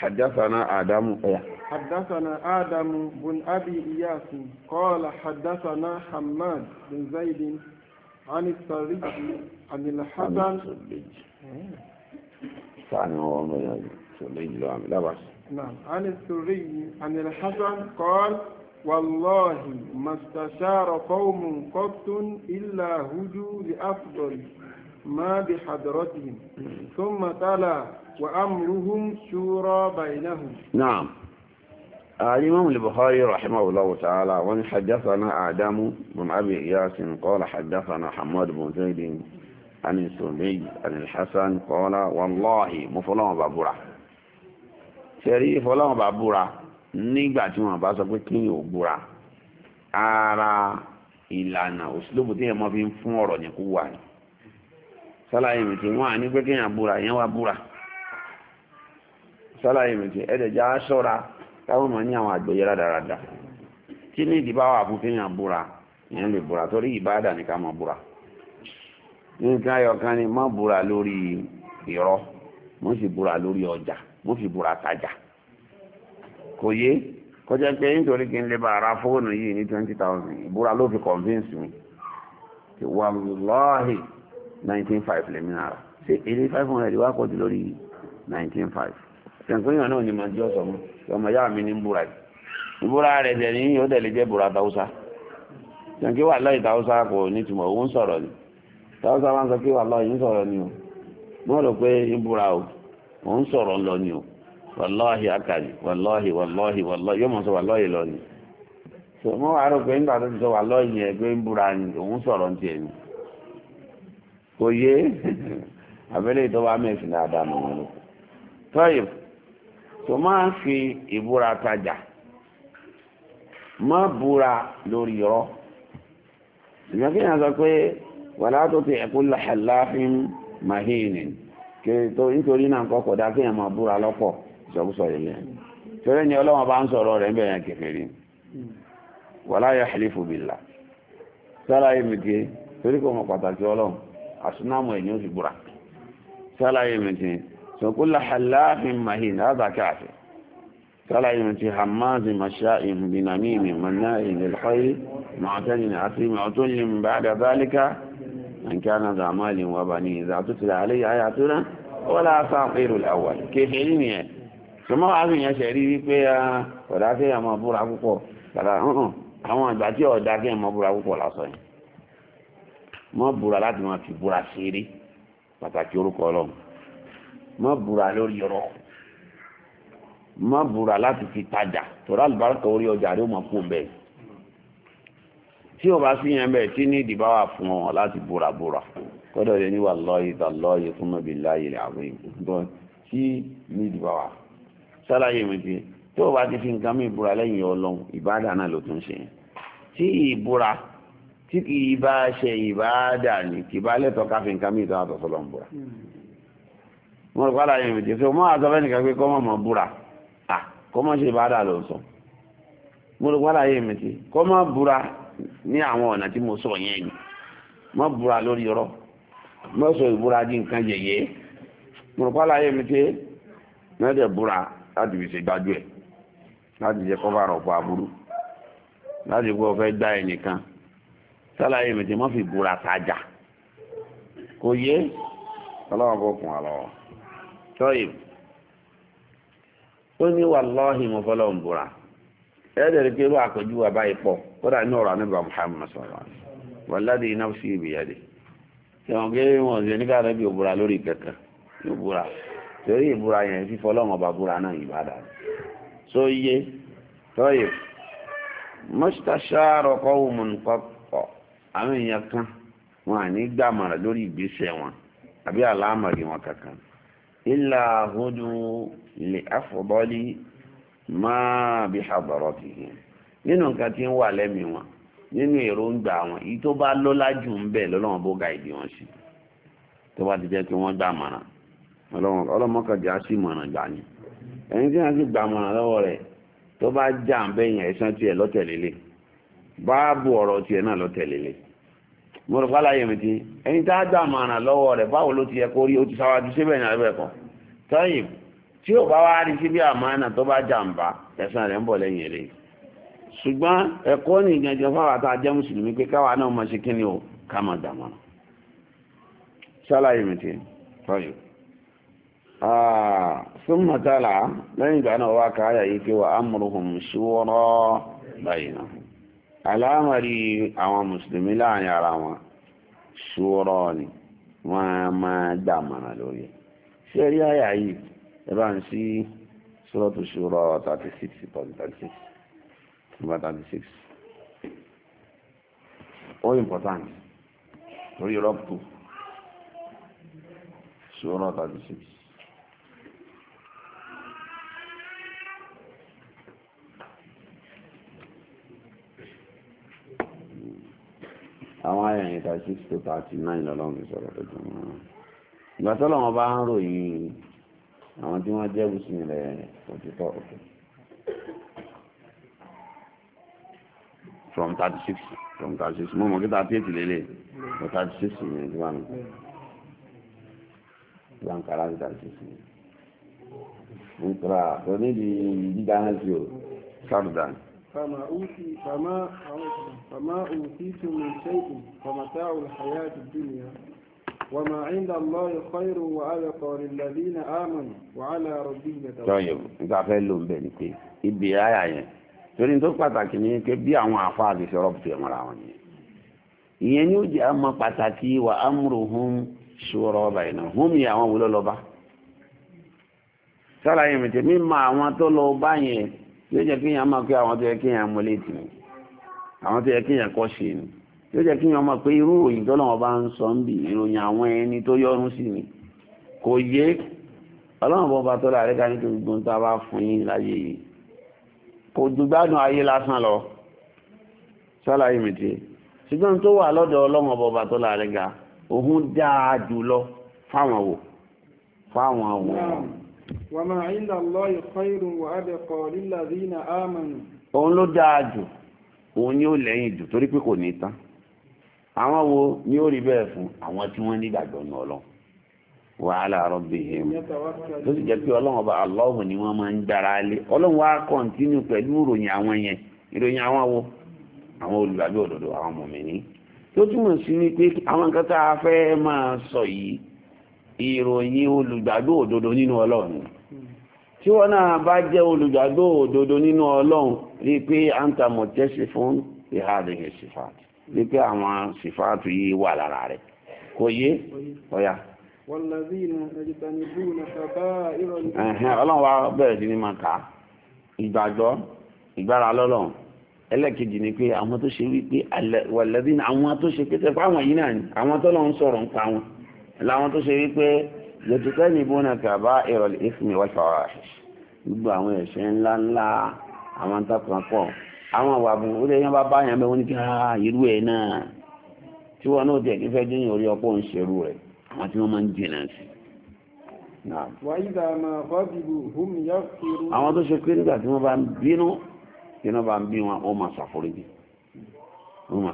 حدثنا آدم حدثنا آدم بن أبي إياس قال حدثنا حماد بن زيد عن السري عن الحسن ثاني هو لا بأس نعم عن السري عن الحسن قال والله ما استشار قوم قط إلا هدوا لأفضل ما بحضرتهم ثم قال وأمرهم شورى بينهم نعم الإمام البخاري رحمه الله تعالى وان حدثنا آدم بن أبي إياس قال حدثنا حمد بن زيد عن السلمي عن الحسن قال والله مفلان بابورا شريف فلان بابورا nígbà tí wọn bá sọ pé kí yóò búra ما ìlànà òsìlóbù tí sálàyé mìtì wọn à ní pé kéèyàn búra yẹn wá búra sálàyé mìtì ẹ̀dẹ̀já ṣọ́ra táwọn mọ̀ ní àwọn àgbẹ̀yẹ rádaràda tí ní ìdí bá wà fún kéèyàn búra yẹn lè búra torí ìbáàdà ní ká mọ̀ búra nǹkan ayọ̀kan ni mọ̀ búra lórí irọ́ mo sì búra lórí ọjà mo sì búra tajà kò yé kọjá pé nítorí kí n lè bá ara fóònù yìí ní twenty thousand ìbúra ló fi convince mi wàláhì. 19.5 lèmi náà ṣe èlé 500 wá pọ̀jù lórí 19.5 ṣẹ̀ǹkúnyàn náà ni màá jẹ́ ọ̀sán ọmọ yá mi ní búra yìí ìbúra rẹ̀ dẹ̀ ní yóò dẹ̀ jẹ́ búra tàúsá ṣẹ̀ǹkí wà lọ́yìn kò ní tìmọ̀ sọ̀rọ̀ ni tausa máa ń sọ wà lọ́yìn sọ̀rọ̀ ni o rò pé o sọ̀rọ̀ lọ ni o wàlọ́ọ̀hì akàlì wàlọ́ọ̀hì wàlọ́ọ̀hì yóò mọ̀ sọ lọ ni wà rò pé tó ti sọ kò yé abẹ́lé ìdọ́wà mẹ́fì náà dànù wọn tọ́yì tó máa ń fi ìbúra tajà má búra lórí irọ́ ìgbà kí yàn sọ pé wà tó ti ẹ̀kú làhàláfin mahini nítorí náà dá kí máa búra lọ́pọ̀ ìṣọ́kúsọ ni ọlọ́wọ́n bá ń sọ̀rọ̀ rẹ̀ bẹ̀rẹ̀ kẹfẹ́rí wàlá yahlifu billah sọ́ra yìí mi torí kò mọ̀ pàtàkì àsúnámù ẹ̀ ni ó fi búra sálàyé mi ti sọkúlà halláfin mahin azakáfẹ́ sálàyé mi ti hamazi masha ìbìnàmí mi manna ìlẹ̀lẹ́kọ́yí mọ̀tẹ́lì ní àti mọ̀tọ́lì ń bá da zálíkà an kana za malin wa bani za tu tila alayhi ayatuna wala asatirul awwal kefeli ni ẹ ṣùgbọ́n àwọn èèyàn ṣẹ̀rí wípé ọ̀dá kí ẹ̀ mọ̀ ìgbà tí ọ̀dá kí ẹ̀ búra púpọ̀ lásán má búra láti máa fi búra ṣeré pàtàkì orúkọ ọlọ́run má búra lórí ọ̀rọ̀ má búra láti fi tajà tọ́lá àlùbáríkà orí ọjà rí ó máa kó bẹ́ẹ̀ tí o bá sí yẹn bẹ́ẹ̀ tí ní ìdìbò wà fún ọ láti búra búra kọ́dọ̀ yẹn ní wallahi tallahi thumma billahi al-azim ìgbọ́n tí ní ìdìbò wà sálàyé mi ti tó o bá ti fi nǹkan mi búra lẹ́yìn ọlọ́run ìbádà ló tún ṣe tí ìbúra tí kì í bá ṣe ìbáadà ní kì bá lẹ́tọ̀ káfí nǹkan mí ìtàn àtọ̀ sọlọ ń búra wọn rò pàdà yẹn méjì fún ọmọ àtọ́fẹ́ nìkan pé kọ́ mọ̀ búra à kọ́ mọ̀ ṣe ìbáadà ló ń sọ wọn rò pàdà yẹn méjì kọ́ mọ̀ búra ní àwọn ọ̀nà tí mo sọ yẹn ni mọ̀ búra lórí ọ̀rọ̀ mọ̀ sọ ìbúra di nǹkan yẹyẹ wọn rò pàdà yẹn méjì mẹ́tẹ̀ búra láti fi ṣe gbájú ẹ̀ láti jẹ́ kọ́ bá rọ̀ sálàyé mi ti mọ́ fi búra sájà kò yé ọlọ́run kò kùn àlọ́ tọ́yì ó ní wàláhì mo fọlọ́ ń búra ẹ̀ẹ́dẹ̀ rí pé ló àpèjú wa báyìí pọ̀ kódà ní ọ̀rọ̀ anábìá Muhammad sọ̀rọ̀ wàládì iná sí ibi yẹn dé ṣẹ̀wọ̀n gé wọn ṣe nígbà rẹ̀ bí ó búra lórí kẹ̀kẹ́ yóò búra torí ìbúra yẹn fífọ́ ọlọ́run ọba búra náà ìbàdàn so iye tọ́yì mọ́ṣítàṣá rọ̀ wù mí nǹkan àwọn èèyàn kan wọn àní gbàmọ̀ràn lórí ìgbésẹ̀ wọn àbí àlámọ̀rí wọn kankan ilà àhójú lè àfọ̀bọ́lí máa bí àbọ̀rọ̀ tìhìn nínú nǹkan tí ń wà lẹ́mí wọn nínú èròǹgbà wọn èyí tó bá lọ́lá jù ń bẹ̀ lọ́lọ́wọ́n bó ga ìdí wọn sí tó bá ti jẹ́ kí wọ́n gbàmọ̀ràn ọlọ́mọkànjá sì mọ̀ràn gbà ni ẹni tí wọ́n ti gbàmọ̀ràn lọ́wọ́ rẹ̀ tó bá jà ń bẹ̀yìn ẹ̀sán tiẹ̀ lọ́tẹ̀lélẹ̀ báàbù ọ̀rọ̀ tiẹ̀ náà mọ̀rọ̀ fàlàyé mi ẹni tá dá àmàràn lọ́wọ́ rẹ̀ báwo ló ti yẹ kó rí o ti sáwájú síbẹ̀ ní kan tọ́yìn tí ò bá wá rí síbi àmàràn tó bá jàǹbá ẹ̀sán rẹ̀ ń bọ̀ lẹ́yìn rẹ̀ ṣùgbọ́n ẹ̀kọ́ ní ìgbẹ̀jọ fáwọn àtà jẹ́ mùsùlùmí pé káwa náà aláàmàrí àwọn mùsùlùmí láàrin ara wọn ṣúrọ́ ni wọ́n á máa dàmọ̀ràn lórí ẹ̀ ṣé rí àyà yìí ẹ bá ń sí suratu ṣúrọ́ 36 36 number 36 ó important torí rọ́pù ṣúrọ́ 36 àwọn ayé yẹn thirty six to thirty nine lọ́lọ́run sọ̀rọ̀ tuntun ìgbà tó lọ́wọ́ bá ń ròyìn àwọn tí wọ́n jẹ́ bùsùn rẹ̀ òtítọ́ òtún from thirty six from thirty six mo mọ̀ kí thirty eight lélẹ̀ but thirty six ni ẹ̀ tí wọ́n tí wọ́n kàrá ní thirty six ni. nítorí àwọn onídìí dídá náà sí o sábùdá ni. فما أوتي فما فما أوتيتم من شيء فمتاع الحياة الدنيا وما عند الله خير وأبقى للذين آمنوا وعلى ربهم يتوكلون. طيب أنت عارفين لهم بين كيف؟ ibi ayà yẹn torí tó pàtàkì ní pé bí ni amruhum yóò jẹ́ kí èèyàn máa pé àwọn tó yẹ kí èèyàn mú létí ni àwọn tó yẹ kí èèyàn kọ́ ṣe ni yóò jẹ́ kí èèyàn máa pé irú òyìn tó lọ́wọ́ bá ń sọ ń bì ìròyìn àwọn ẹni tó yọrùn sí ni kò yé ọlọ́run bọ́ba tó láàrẹ́ ká ní torí gbóhùn tá a bá fún yín láyé yìí kò ju gbádùn ayé lásán lọ sálàyé mi tiẹ̀ ṣùgbọ́n tó wà lọ́dọ̀ ọlọ́run bọ́ba tó láàrẹ́ ga òun dáa jù lọ fáwọn wò fáwọn wò. وما عند الله خير وأبقى للذين آمنوا òun ló dáa jù òun ni ó lẹ́yìn jù torí pé kò ní tán àwọn wo ni ó rí bẹ́ẹ̀ fún àwọn tí wọ́n nígbàgbọ́ ní ọlọ́run wàhálà rabbihim ló sì jẹ́ pé ọlọ́run ọba Allahu ni wọ́n máa ń gbára lé ọlọ́run wá kọ́ńtínú pẹ̀lú ìròyìn àwọn yẹn ìròyìn àwọn wo àwọn olùgbàgbé àwọn mọ̀mí tó ni pé sọ yìí ìròyìn olùgbàgbọ́ òdodo nínú ọlọ́run tí wọ́n náà bá jẹ́ olùgbàgbọ́ òdodo nínú ọlọ́run rí pé a ń ta mọ̀tẹ́sí fún ìhàdìgẹ̀ sífàtì rí pé àwọn sífàtì yìí wà lára rẹ̀ kò yé ọ̀yà ọlọ́run wa bẹ̀rẹ̀ sí ní máa kà á ìgbàgbọ́ ìgbára lọ́lọ́run ẹlẹ́kejì ni pé àwọn tó ṣe wípé wàlẹ́dínà àwọn tó ṣe pé tẹ́fọ́ àwọn yìí náà ni àwọn tó lọ́ sọ̀rọ̀ ń pa wọn láwọn tó ṣe wípé yẹtùkẹ́ ní bọ́nà kàbá ìrọ̀l ìfìmì wọ́fàwà gbogbo àwọn ẹ̀ṣẹ̀ ńlá ńlá àwọn takùn pọ̀ àwọn àwà àbúrò ó lè yán bá bá yàn bẹ́ẹ̀ wọ́n ní kí á ah, irú ẹ̀ náà tí wọ́n náà tẹ̀ kí fẹ́ dín orí ọpọ́ ń ṣerú rẹ̀ àwọn tí wọ́n máa ń jìnà sí tó ṣe pé nígbà tí wọ́n bá ń bínú tí wọ́n bá ń bí wọn ó máa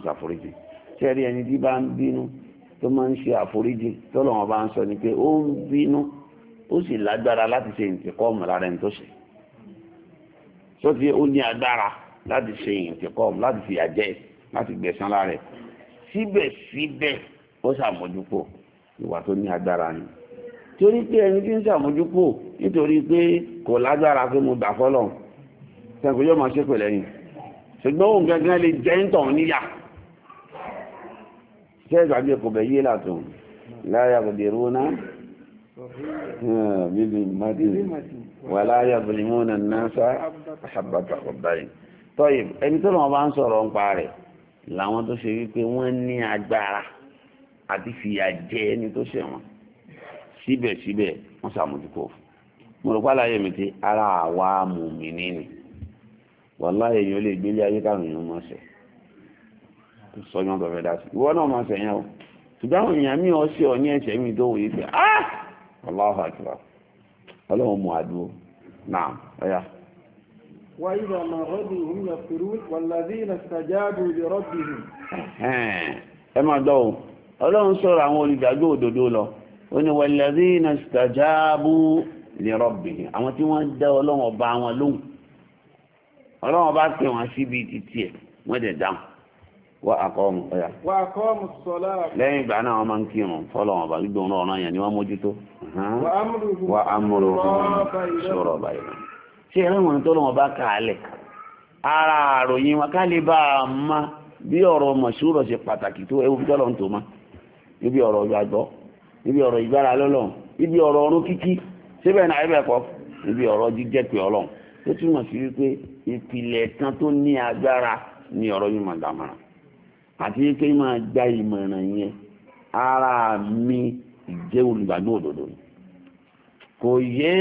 ṣàforíjì tí ẹ̀rí ẹni tí bá ń bínú tó máa ń ṣe àforíjì tọ́lọ́wọ́n bá ń sọ ni pé ó ń bínú ó sì lágbára láti ṣe ìtìkọ́ọ̀mù lára ẹni tó ṣe tó ti ó ní agbára láti ṣe ìtìkọ́ọ̀mù láti fi àjẹ́ láti gbẹ̀san lára ẹ̀ síbẹ̀síbẹ̀ ó ṣàmójúpò ìwà tó ní agbára ni torí pé ẹni tí ń ṣàmójúpò nítorí pé kò lágbára pé mo gbà fọ́lọ̀ sẹ́kùn yóò máa ṣépè lẹ́yìn ṣùgbọ́n òun gangan lè jẹ́ ń tàn níyà ترجع بيكم بيناتهم لا يقدرون بذمتهم ولا يظلمون الناس حبة خردل طيب ẹni tó lọ́wọ́ bá ń sọ̀rọ̀ ń parẹ̀ làwọn tó ṣe wípé wọ́n ní agbára àti fìyà jẹ ẹni tó ṣe wọn síbẹ̀síbẹ̀ wọ́n ṣàmójúkò fún mo rò pàlàyé mi ti ara àwa mùmí nínú wàláyé yóò lè gbélé ayé káwọn èèyàn mọ̀ ṣẹ̀ kò sọ́yán bẹ̀rẹ̀ dá sí ìwọ náà máa sẹ̀yàn o ṣùgbọ́n àwọn èèyàn mi ọ sí ọ ní ẹ̀ṣẹ̀ mi tó wòye pé ah Allahu akbar ọlọ́run mú àdúró náà ọ̀yà. wáyé ọmọ ọdún òun yà fìrú wàlàdí ìlàsàjáàbò ìrọ́bì ẹ máa gbọ́ o ọlọ́run sọ̀rọ̀ àwọn olùgbàgbọ́ òdodo lọ ó ní wàlàdí ìlàsàjáàbò ìrọ́bì àwọn tí wọ́n dá ọlọ́run ọba wọn lóhùn ọlọ́run ọba pè wọ́n síbi títí ẹ̀ wọ́n dẹ̀ dáhùn wa àkọ́ọ̀mù ọya wọ́n àkọ́ọ̀mù sọ́lá. lẹ́yìn ìgbà náà wọ́n máa ń kírun gbígbó ọ̀nà yẹn ni wọ́n mójútó. wọ́n amúrò ṣé ara àròyìn wa ká lè bá a ma bí ọ̀rọ̀ mọ̀ṣúrọ̀ ṣe pàtàkì tó ewu fitọ́ lọ́n tó ma níbi ọ̀rọ̀ ìgbàgbọ́ níbi ọ̀rọ̀ ìgbára lọ́lọ́run níbi ọ̀rọ̀ kíkí síbẹ̀ náà kọ́ níbi ọ̀rọ̀ jíjẹ́ pé ọlọ́run tó túmọ̀ sí wípé ìpìlẹ̀ kan tó ní àti pé máa gba ìmọ̀ràn yẹn ara mi jẹ́ olùgbàgbọ́ òdodo kò yé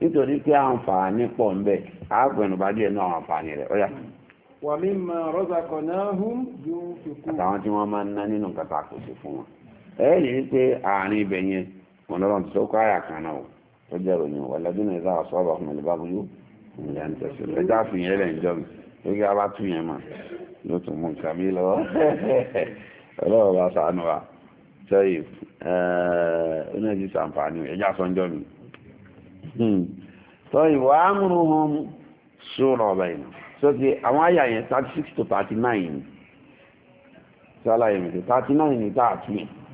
nítorí pé àǹfààní pọ̀ ń bẹ àpẹnubá díẹ̀ náà àǹfààní rẹ̀ ọ̀yà. wà mí ma razaqnahum yóò fi kú. àtàwọn tí wọ́n máa ń ná nínú nǹkan tá a kò sí fún wọn. ẹ lè rí pé àárín ibẹ̀ yẹn wọn lọ́rọ̀ tó kọ́ àyà kan náà tó jẹ́ òyìn wà lọ́dún ìdá ọ̀sọ́ ọ̀bà fún ìlú bá bóyú ìyá ń tẹ̀sí ẹ̀dá fi yẹn lẹ́yìn jọ́ mi lórí abá tún yẹn mọ́ yóò tún mú nǹkan mi lọ ọlọ́run bá sànù wa sẹ́yìn oníyẹ̀jì sàǹfààní ẹ̀já sọ́njọ́ mi tọ́ hmm. ìwà amúrúhun sùúrọ̀ ọ̀bẹ̀ yìí so ti àwọn àyà yẹn thirty to 39. nine sálàyé 39 ti thirty nine ní tààtú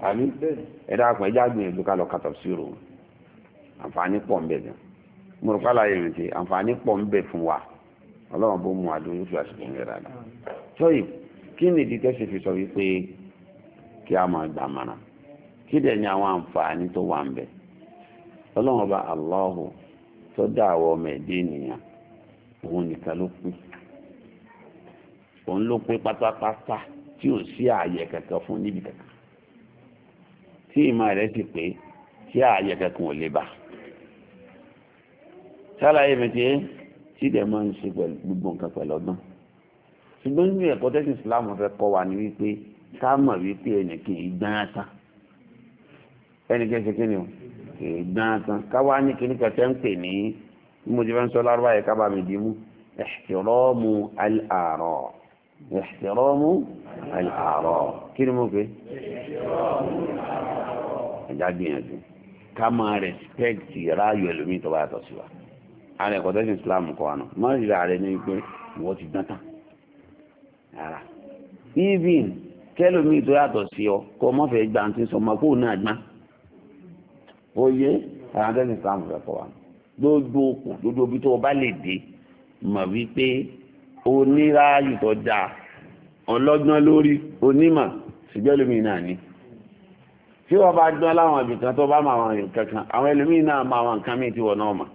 àbí ẹ̀dá àpọ̀ ẹ̀já gbìyànjú ká lọ kàtà sí òru àǹfààní pọ̀ ń bẹ̀ gan mo rò yẹn ti àǹfààní pọ̀ ń bẹ̀ fún wa ọlọ́run bó mu àdúró fún àṣìkò ń yẹra náà tóyì kí ni ìdí tẹ́sí fi sọ wípé kí a máa gbàmọ̀ràn kí dẹ̀ ni àwọn àǹfààní tó wà ń bẹ̀ ọlọ́run ọba Allahu tó dá àwọn ọmọ ẹ̀dẹ́ ènìyàn òun nìkan ló pín òun ló pín pátápátá tí ò sí ààyè kankan fún níbi kankan tí ìmọ̀ rẹ̀ sì pé tí ààyè kankan ò lè bà sálàyé mi ti tí dẹ̀ máa ń ṣe gbogbo nǹkan pẹ̀lú ọgbọ́n ṣùgbọ́n nínú ẹ̀kọ́ tẹ́sí islam fẹ́ kọ́ wa ni wípé ká mọ̀ wípé ẹnì kì í gbọ́n tán ẹnì kì í ṣe kí ni o kì í gbọ́n tán ká wá ní kíní kan tẹ́ ń pè ní bí mo ti fẹ́ ń sọ lárúbá yẹn ká bá mi dì í mú ihtiramu al-ara ihtiramu kí ni mo pè é ẹ̀dá gbìyànjú ká máa rẹ̀spẹ̀kì ráàyò ẹlòmíì tó bá yàtọ̀ sí wa àwọn ẹ̀kọ́ tẹ́sí islam kọ́ wa náà má rárá even kẹlòmíì tó yàtọ̀ sí ọ kó ọmọ fẹ́ gbà tí ń sọ ọmọ fóònù náà gbá oyè àwọn akẹ́kọ̀ọ́ islam rẹ̀ kọ́ wa gbogbo okùn gbogbo ibi tó o bá lè dé mọ̀ wípé oníráàyè tó dáa ọlọ́gbọ́n lórí onímọ̀ ṣùgbọ́n ẹlòmíì náà ni tí wọ́n bá gbọ́n láwọn ibìkan tó bá máa wọn kankan àwọn ẹlòmíì náà máa wọn nǹkan míì tí wọ́n náà mọ̀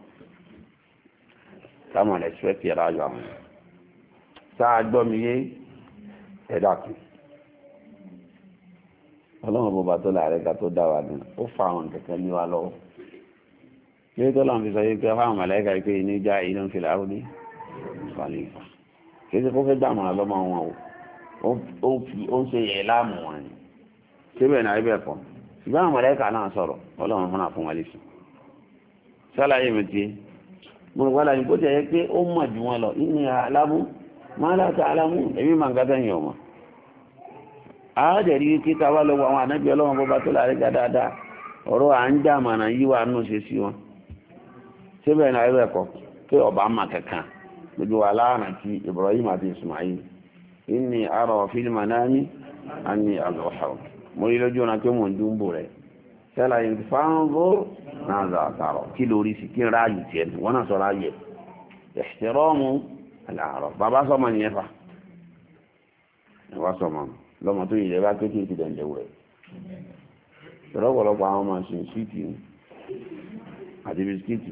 táwọn ẹ̀ṣẹ́ ti ráyọ àwọn tá a gbọ́ mi yé ẹ̀dàkù ọlọ́run bọba tó láàrẹ́ ga tó dá wa gan ó fa àwọn kẹ̀kẹ́ ní wa lọ́wọ́ kí ó tọ́lọ́run fi sọ yí pé fáwọn mọ̀lẹ́kà pé inú já iná fi láàrú ní ìfàlẹ́fà kí ó ti kó fẹ́ gbàmọ̀ràn lọ́mọ wọn o ó ń ṣe yẹ láàmù wọn ni síbẹ̀ náà ibẹ̀ kọ́ ṣùgbọ́n àwọn mọ̀lẹ́kà náà sọ̀rọ̀ ọlọ́run fúnra fún wọn lè sálàyé mi ti mo rò wá láyé bó ti yẹ pé ó mọ̀ ju wọn lọ ìní Maala láta alámú èmi máa ń gádá yìí ọmọ àádẹ́rí kíkà wá lọ́wọ́ àwọn ànábì ọlọ́wọ́n to tó láàrin ga dáadáa ọ̀rọ̀ à ń já mànà yí wa nù ṣe sí wọn ọba mà kan gbogbo wa Ibrahim àti Ismail inni ara ọ̀fin manami àni àgọ́sàwọ̀ mo àlàárọ̀ bàbá sọmọ nìyẹn fa bàbá sọmọ lọmọ tó yẹ bá kékeré ti dẹ̀ǹdẹ̀ wẹ̀ lọ́pọ̀lọpọ̀ àwọn ọmọ ṣe síìtì àti bisikíìtì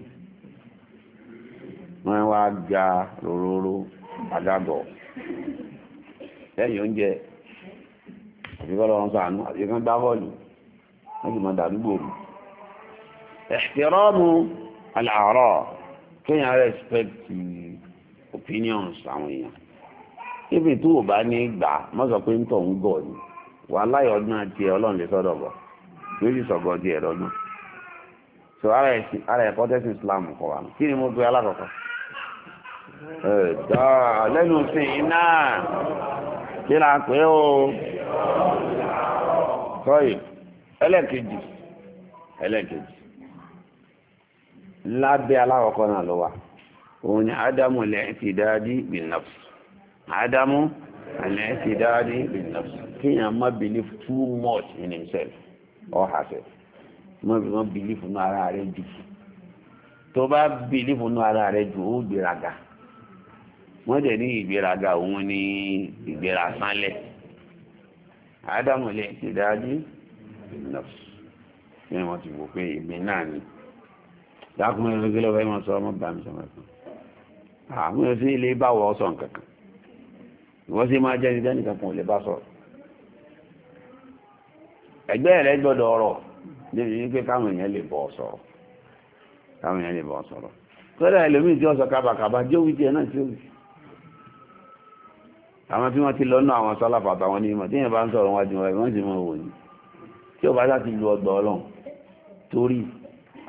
wọ́n wá ga rororo àgàgọ̀ lẹ́yìn oúnjẹ àbíkọ́ lọ́wọ́ sanu àbíkọ́ gbá bọ́ọ̀lù wọ́n sì máa opinions àwọn èèyàn ibi tó o bá ní gbà má sọ pé ń tọ̀ ń gọ̀ ni wà láyọ̀ ọdún àti ẹ̀ ọlọ́run lè sọ́dọ̀ bọ̀ yóò sọ̀gọ́ di so ara ẹ̀kọ́ tẹ́sí Islam kọ̀ wá kí ni mo gbé alákọ̀ọ́kọ́ ẹ̀dá lẹ́nu sìn kí la pé o sọ́yì ẹlẹ́kejì ẹlẹ́kejì lábẹ́ alákọ̀ọ́kọ́ náà ló wà. òun ni ádámù lẹ́ẹ̀tìdáàdì bin nafs ádámù lẹ́ẹ̀tìdáàdì bin nafs kéèyàn má believe too much in himself or herself má believe nù ara rẹ jù tó bá believe nù ara rẹ jù ó gbéraga wọ́n dẹ̀ ní ìgbéraga òun ní ìgbéra sánlẹ̀ ádámù lẹ́ẹ̀tìdáàdì bin nafs kí wọ́n ti wò pé ìgbín náà ni dákùnrin ló gbé lọ́wọ́ ẹ̀ wọ́n sọ ọmọ bàmí sọmọ ẹ̀kọ́ àwọn òfin ilé bá wọ́ sọ nǹkankan wọ́n sì máa jẹ́ nìkan nìkan lè bá sọ̀rọ̀ ẹgbẹ́ rẹ̀ gbọ́dọ̀ ọ̀rọ̀ níbi wípé káwọn èèyàn lè bọ̀ sọ̀rọ̀ káwọn èèyàn lè bọ̀ sọ̀rọ̀ kódà ẹlòmíì tí wọ́n sọ kábàkàbà jẹ́ òwì tiẹ̀ náà tí ó wì àwọn tí wọ́n ti lọ́nà àwọn sálàfà àtàwọn onímọ̀ tí yẹn bá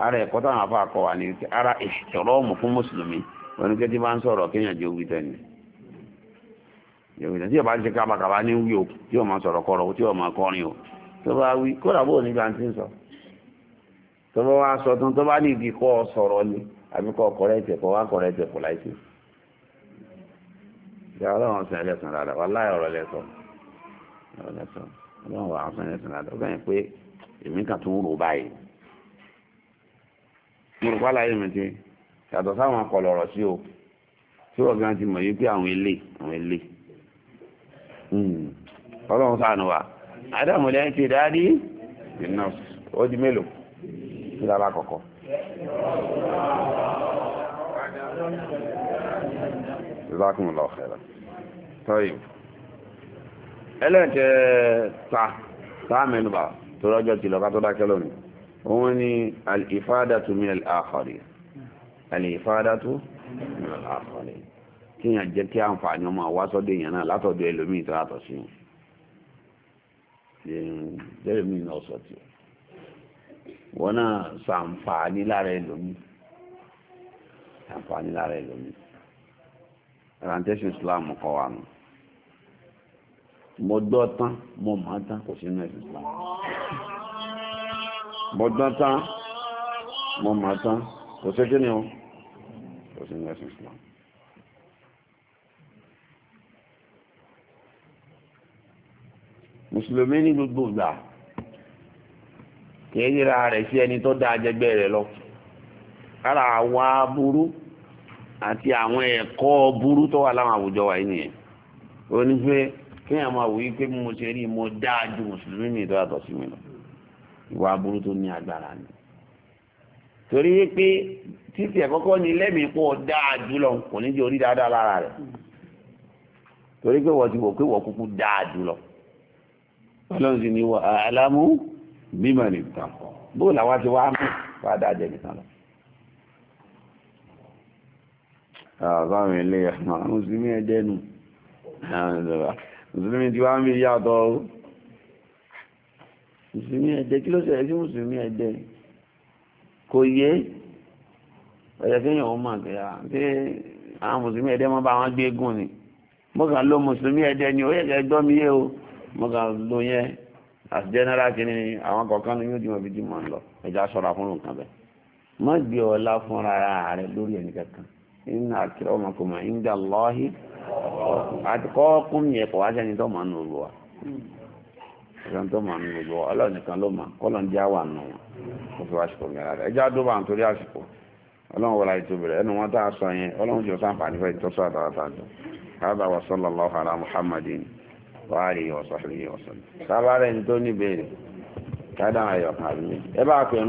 ara ẹ̀kọ́ táwọn afọ akọ ní ara ìṣòro ọmọ fún mùsùlùmí wọn ní kí tí máa ń sọ̀rọ̀ kéèyàn jẹ́ òbí tẹ́ni yòmìnà tí ọba ń ṣe kábàkàbà ní wí o tí ọmọ sọ̀rọ̀ kọ̀rọ̀ o tí ọmọ kọrin o tó bá wí kódà bó nígbà tí ń sọ tó bá wá sọ tán tó bá ní ibi kọ́ sọ̀rọ̀ ni àbí kọ́ kọ̀rẹ́ ìtẹ̀kọ́ wá kọ̀rẹ́ ìtẹ̀kọ́ láìsí. ìyá ọlọ́run sọ ẹlẹ́sìn rárá wà láì ọ̀rọ̀ lẹ́sọ̀ ọlọ́run wà sọ ẹlẹ́sìn rárá ó gbẹ̀yìn pé èmi kà tún rò báyìí mo rò yàtọ̀ sáwọn akọlọ̀rọ̀ sí o tí wọ́n gan ti mọ̀ yí pé àwọn ilé àwọn ilé hmm. ọlọ́run ṣàánú wa ádámù lẹ́yìn ti dáadí iná ó di mélòó sí lára kọ̀kọ́ Jazakumullahu khairan tọ́yìn ẹlẹ́ẹ̀kẹ́ ta sáàmẹ́nubà tó rọ́jọ́ ti lọ ká tó dákẹ́ lónìí òun ni al-ifadatu min al-akhari alìfádàtú àkọlẹ̀ kí yàn jẹ́ kí àǹfààní ọmọ wá sọ́dọ̀ èèyàn náà látọ̀dọ̀ ẹlòmíì tó yàtọ̀ sí ẹlòmíì náà sọ tí wọn náà sàǹfààní lára ẹlòmíì sàǹfààní lára ẹlòmíì rántẹ́sì Islam kọ́ mo gbọ́ tán mo mọ̀ tán kò sínú ẹ̀sìn Islam mo gbọ́ tán mo mọ̀ tán kò sí kí ni o kò sí ní ẹ̀sìn Islam mùsùlùmí ní gbogbo ìgbà kìí yíra rẹ̀ sí ẹni tó dá ajẹgbẹ́ rẹ̀ lọ ara àwa burú àti àwọn ẹ̀kọ́ burú tó wà láwọn àwùjọ wa yìí nìyẹn ó ní pé kéèyàn máa wòye pé mo ṣe rí mo dáa ju mùsùlùmí mi tó yàtọ̀ sí mi lọ ìwà burú tó ní agbára ni torí wípé títí ẹ̀kọ́kọ́ ni lẹ́mìí kó o dáa jùlọ kò ní jẹ́ orí dáadáa lára rẹ̀ torí pé wọ́n ti wò pé wọ́n kúkú dáa jùlọ ọlọ́run sì ni wọ́n alámú bímọ nìkan bóò làwọn ti wá mú wá dáa jẹ nìkan lọ. báwọn ilé àwọn mùsùlùmí ẹ̀jẹ̀ nù mùsùlùmí ti wá ń bí yàtọ̀ mùsùlùmí ẹ̀jẹ̀ kí ló ṣẹlẹ̀ sí mùsùlùmí ẹ̀jẹ̀ yìí kò yé ẹ̀yẹ kéèyàn ó mọ̀ pé ṣé àwọn mùsùlùmí ẹ̀dẹ́ máa bá wọn gbé gùn ni mo kàn lo mùsùlùmí ẹ̀dẹ́ ni ó yẹ kẹ́ gbọ́ mi yé o mo kàn lo yẹn as general kìíní àwọn kọ̀ọ̀kan ni yóò di wọn bí di mọ̀ ń lọ ẹ̀já sọ̀rọ̀ fún nǹkan bẹ́ẹ̀ má gbé ọlá fúnra rẹ̀ lórí ẹnì kankan inna akramakum inda Allahi àti kọ́ọ́kún yẹn kọ̀ wá sẹ́ni tó mọ̀ ń lò wá. ìṣẹ́ tó mọ̀ ní gbogbo ọlọ́run nìkan ló mọ̀ kọ́lọ̀ ń jẹ́ àwà nù wọn kó fi wá ṣùkò mìíràn rẹ̀ ẹjọ́ àdúbà ń torí àsìkò ọlọ́run wọlé ètò ìbẹ̀rẹ̀ ẹnu wọn tá a sọ yẹn ọlọ́run jù sáǹfààní fẹ́ ìtọ́sọ àtàràtàjọ káàbà wa sallallahu ala muhammadin wa alihi wa sahbihi wa sallam sábà rẹ̀ ní tó ní béèrè kádà ayọ̀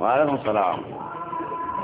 وعليكم السلام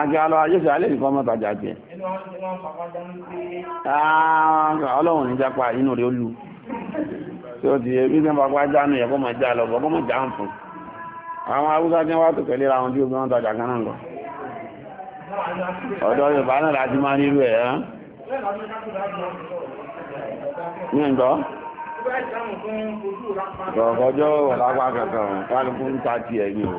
àjọ ah, alọ́ ayéṣù alẹ́ nìkan tàjà jẹ́ ah, ọlọ́run ní jápa inú rẹ̀ olú tí ó ti ebi ní papá jánu yẹ kó mọ̀ já lọ bọ́kọ́ ń fún àwọn awúsá tí wọ́n tó tẹ̀lé àwọn tí ó bí tàjà kan náà lọ ọ̀dọ́ Yorùbá náà láti máa nílò ẹ̀ ẹ́ ní ǹkan kọ̀ọ̀kọ́jọ́ wọ̀ ń ta tiẹ̀ ní o.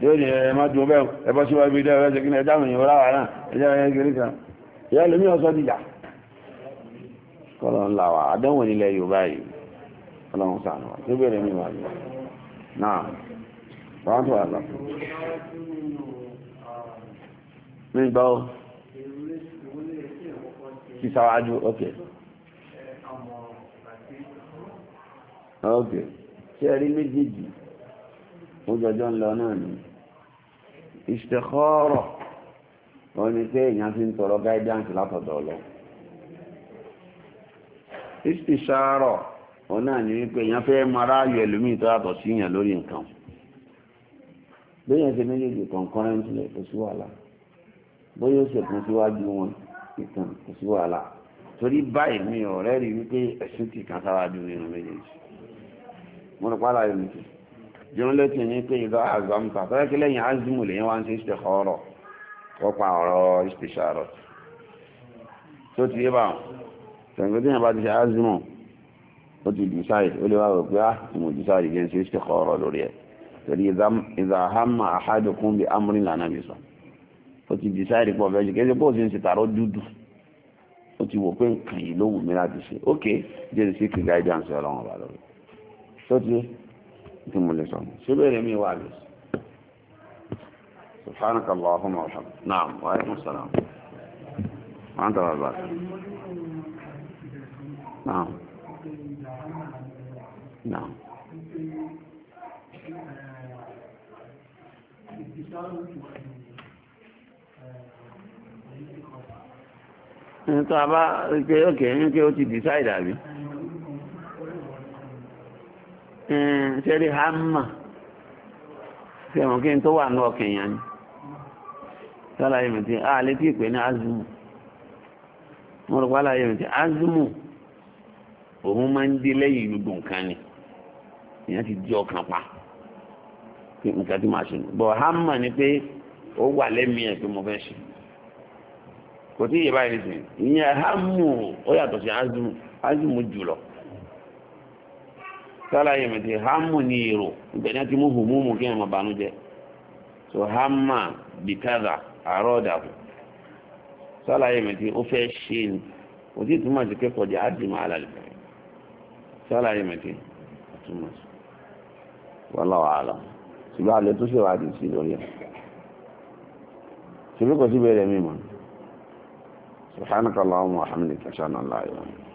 yóò ní ẹ má dùn bẹ́ẹ̀ ẹbọ́ sí wáyé bíi ẹ̀rọ ṣẹ́kí ẹjá àwọn èèyàn láwà náà ẹjá ẹ̀yẹ kiri kan ìyá lómi ọ̀sọ́ dìjà kọ́lọ̀ ń làwà àdánwò nílẹ̀ Yorùbá yìí ọlọ́run sànù wa tó bẹ̀rẹ̀ ní wàá lọ náà wàá tó wà ṣe rí méjèèjì ó jọjọ́ ń lọ náà ni ìṣẹ̀kọ́rọ̀ wọ́n ni pé èèyàn fi ń tọrọ guidance látọ̀dọ̀ lọ ìṣẹ̀ṣàrọ̀ wọ́n náà ni wípé èèyàn fẹ́ mara ayọ̀ ẹlòmíì tó yàtọ̀ sí èèyàn lórí nǹkan bóyá ṣe méjèèjì concurrent lẹ̀ kò sí wàhálà bóyá ó ṣèkún síwájú wọn ìtàn kò sí wàhálà torí báyìí mi ọ̀rẹ́ rí wípé ẹ̀sìn ti kan sáwájú nínú méjèèjì mo rò pàdánù nìkan jẹun ló ti ní pé ìdá àgbàmùtà tó yẹ kí lẹ́yìn azimu lèyìn wá ń ṣe istikhara wọ́pa ọ̀rọ̀ istishara tó ti yé báwọn tẹ̀gbẹ́ tí yẹn bá ti ṣe azimu ó ti jù sáyé ó lè wá rò pé ah mo jù sáyé jẹ́ ń ṣe istikhara lórí ẹ̀ torí ìdá hama ahadukum bi amrin lànà mi sọ ó ti jù sáyé pọ̀ bẹ́ẹ̀ kí ẹ ṣe bó ṣe ń ṣe tààrọ̀ dúdú ó ti wò pé nǹkan yìí ló wù mí láti ṣe ok jẹ́ ń ṣe kí guidance ọlọ́run ọba lórí tó ti yé tí mo lè sọ ṣé bẹ̀rẹ̀ mi wà lè سبحانك اللهم وبحمدك نعم وعليكم السلام وانت بارك نعم نعم nítorí àbá ìgbé òkè ní kí ó ti dìsáìdà bí Hmm, ṣẹ́rí hamma tí ẹmọ̀ kí n tó wà ní ọkẹ̀ ni sálàyé mi ààlé tí ìpè ní azumu mo rò pálàyé mi ti azumu òun máa ń lẹ́yìn gbogbo nǹkan ni ti di ọkàn pa nǹkan tí màá ṣe nù bọ̀ ni pé ó wà lẹ́mí ẹ̀ pé mo fẹ́ ṣe kò tí báyìí ìyẹn ó yàtọ̀ sí sálàyé mi ti hamu ní èrò ìgbẹ̀ni àti mú hùmúmù kí ẹ̀mọ̀ bànújẹ́ so hamma bìkádà àrọ́dàbù sálàyé mi ti ó fẹ́ ṣe ni kò sí ìtumọ̀ sí pé kọjá á dì máa lálẹ́ fẹ́ sálàyé mi ti ìtumọ̀ sí wọn lọ wàhálà ṣùgbọ́n àlẹ́ tó ṣèwádìí sí lórí ẹ̀ ṣùgbọ́n kò sí bẹ́ẹ̀ rẹ̀ mímọ́ سبحانك اللهم وبحمدك اشهد ان لا اله الا انت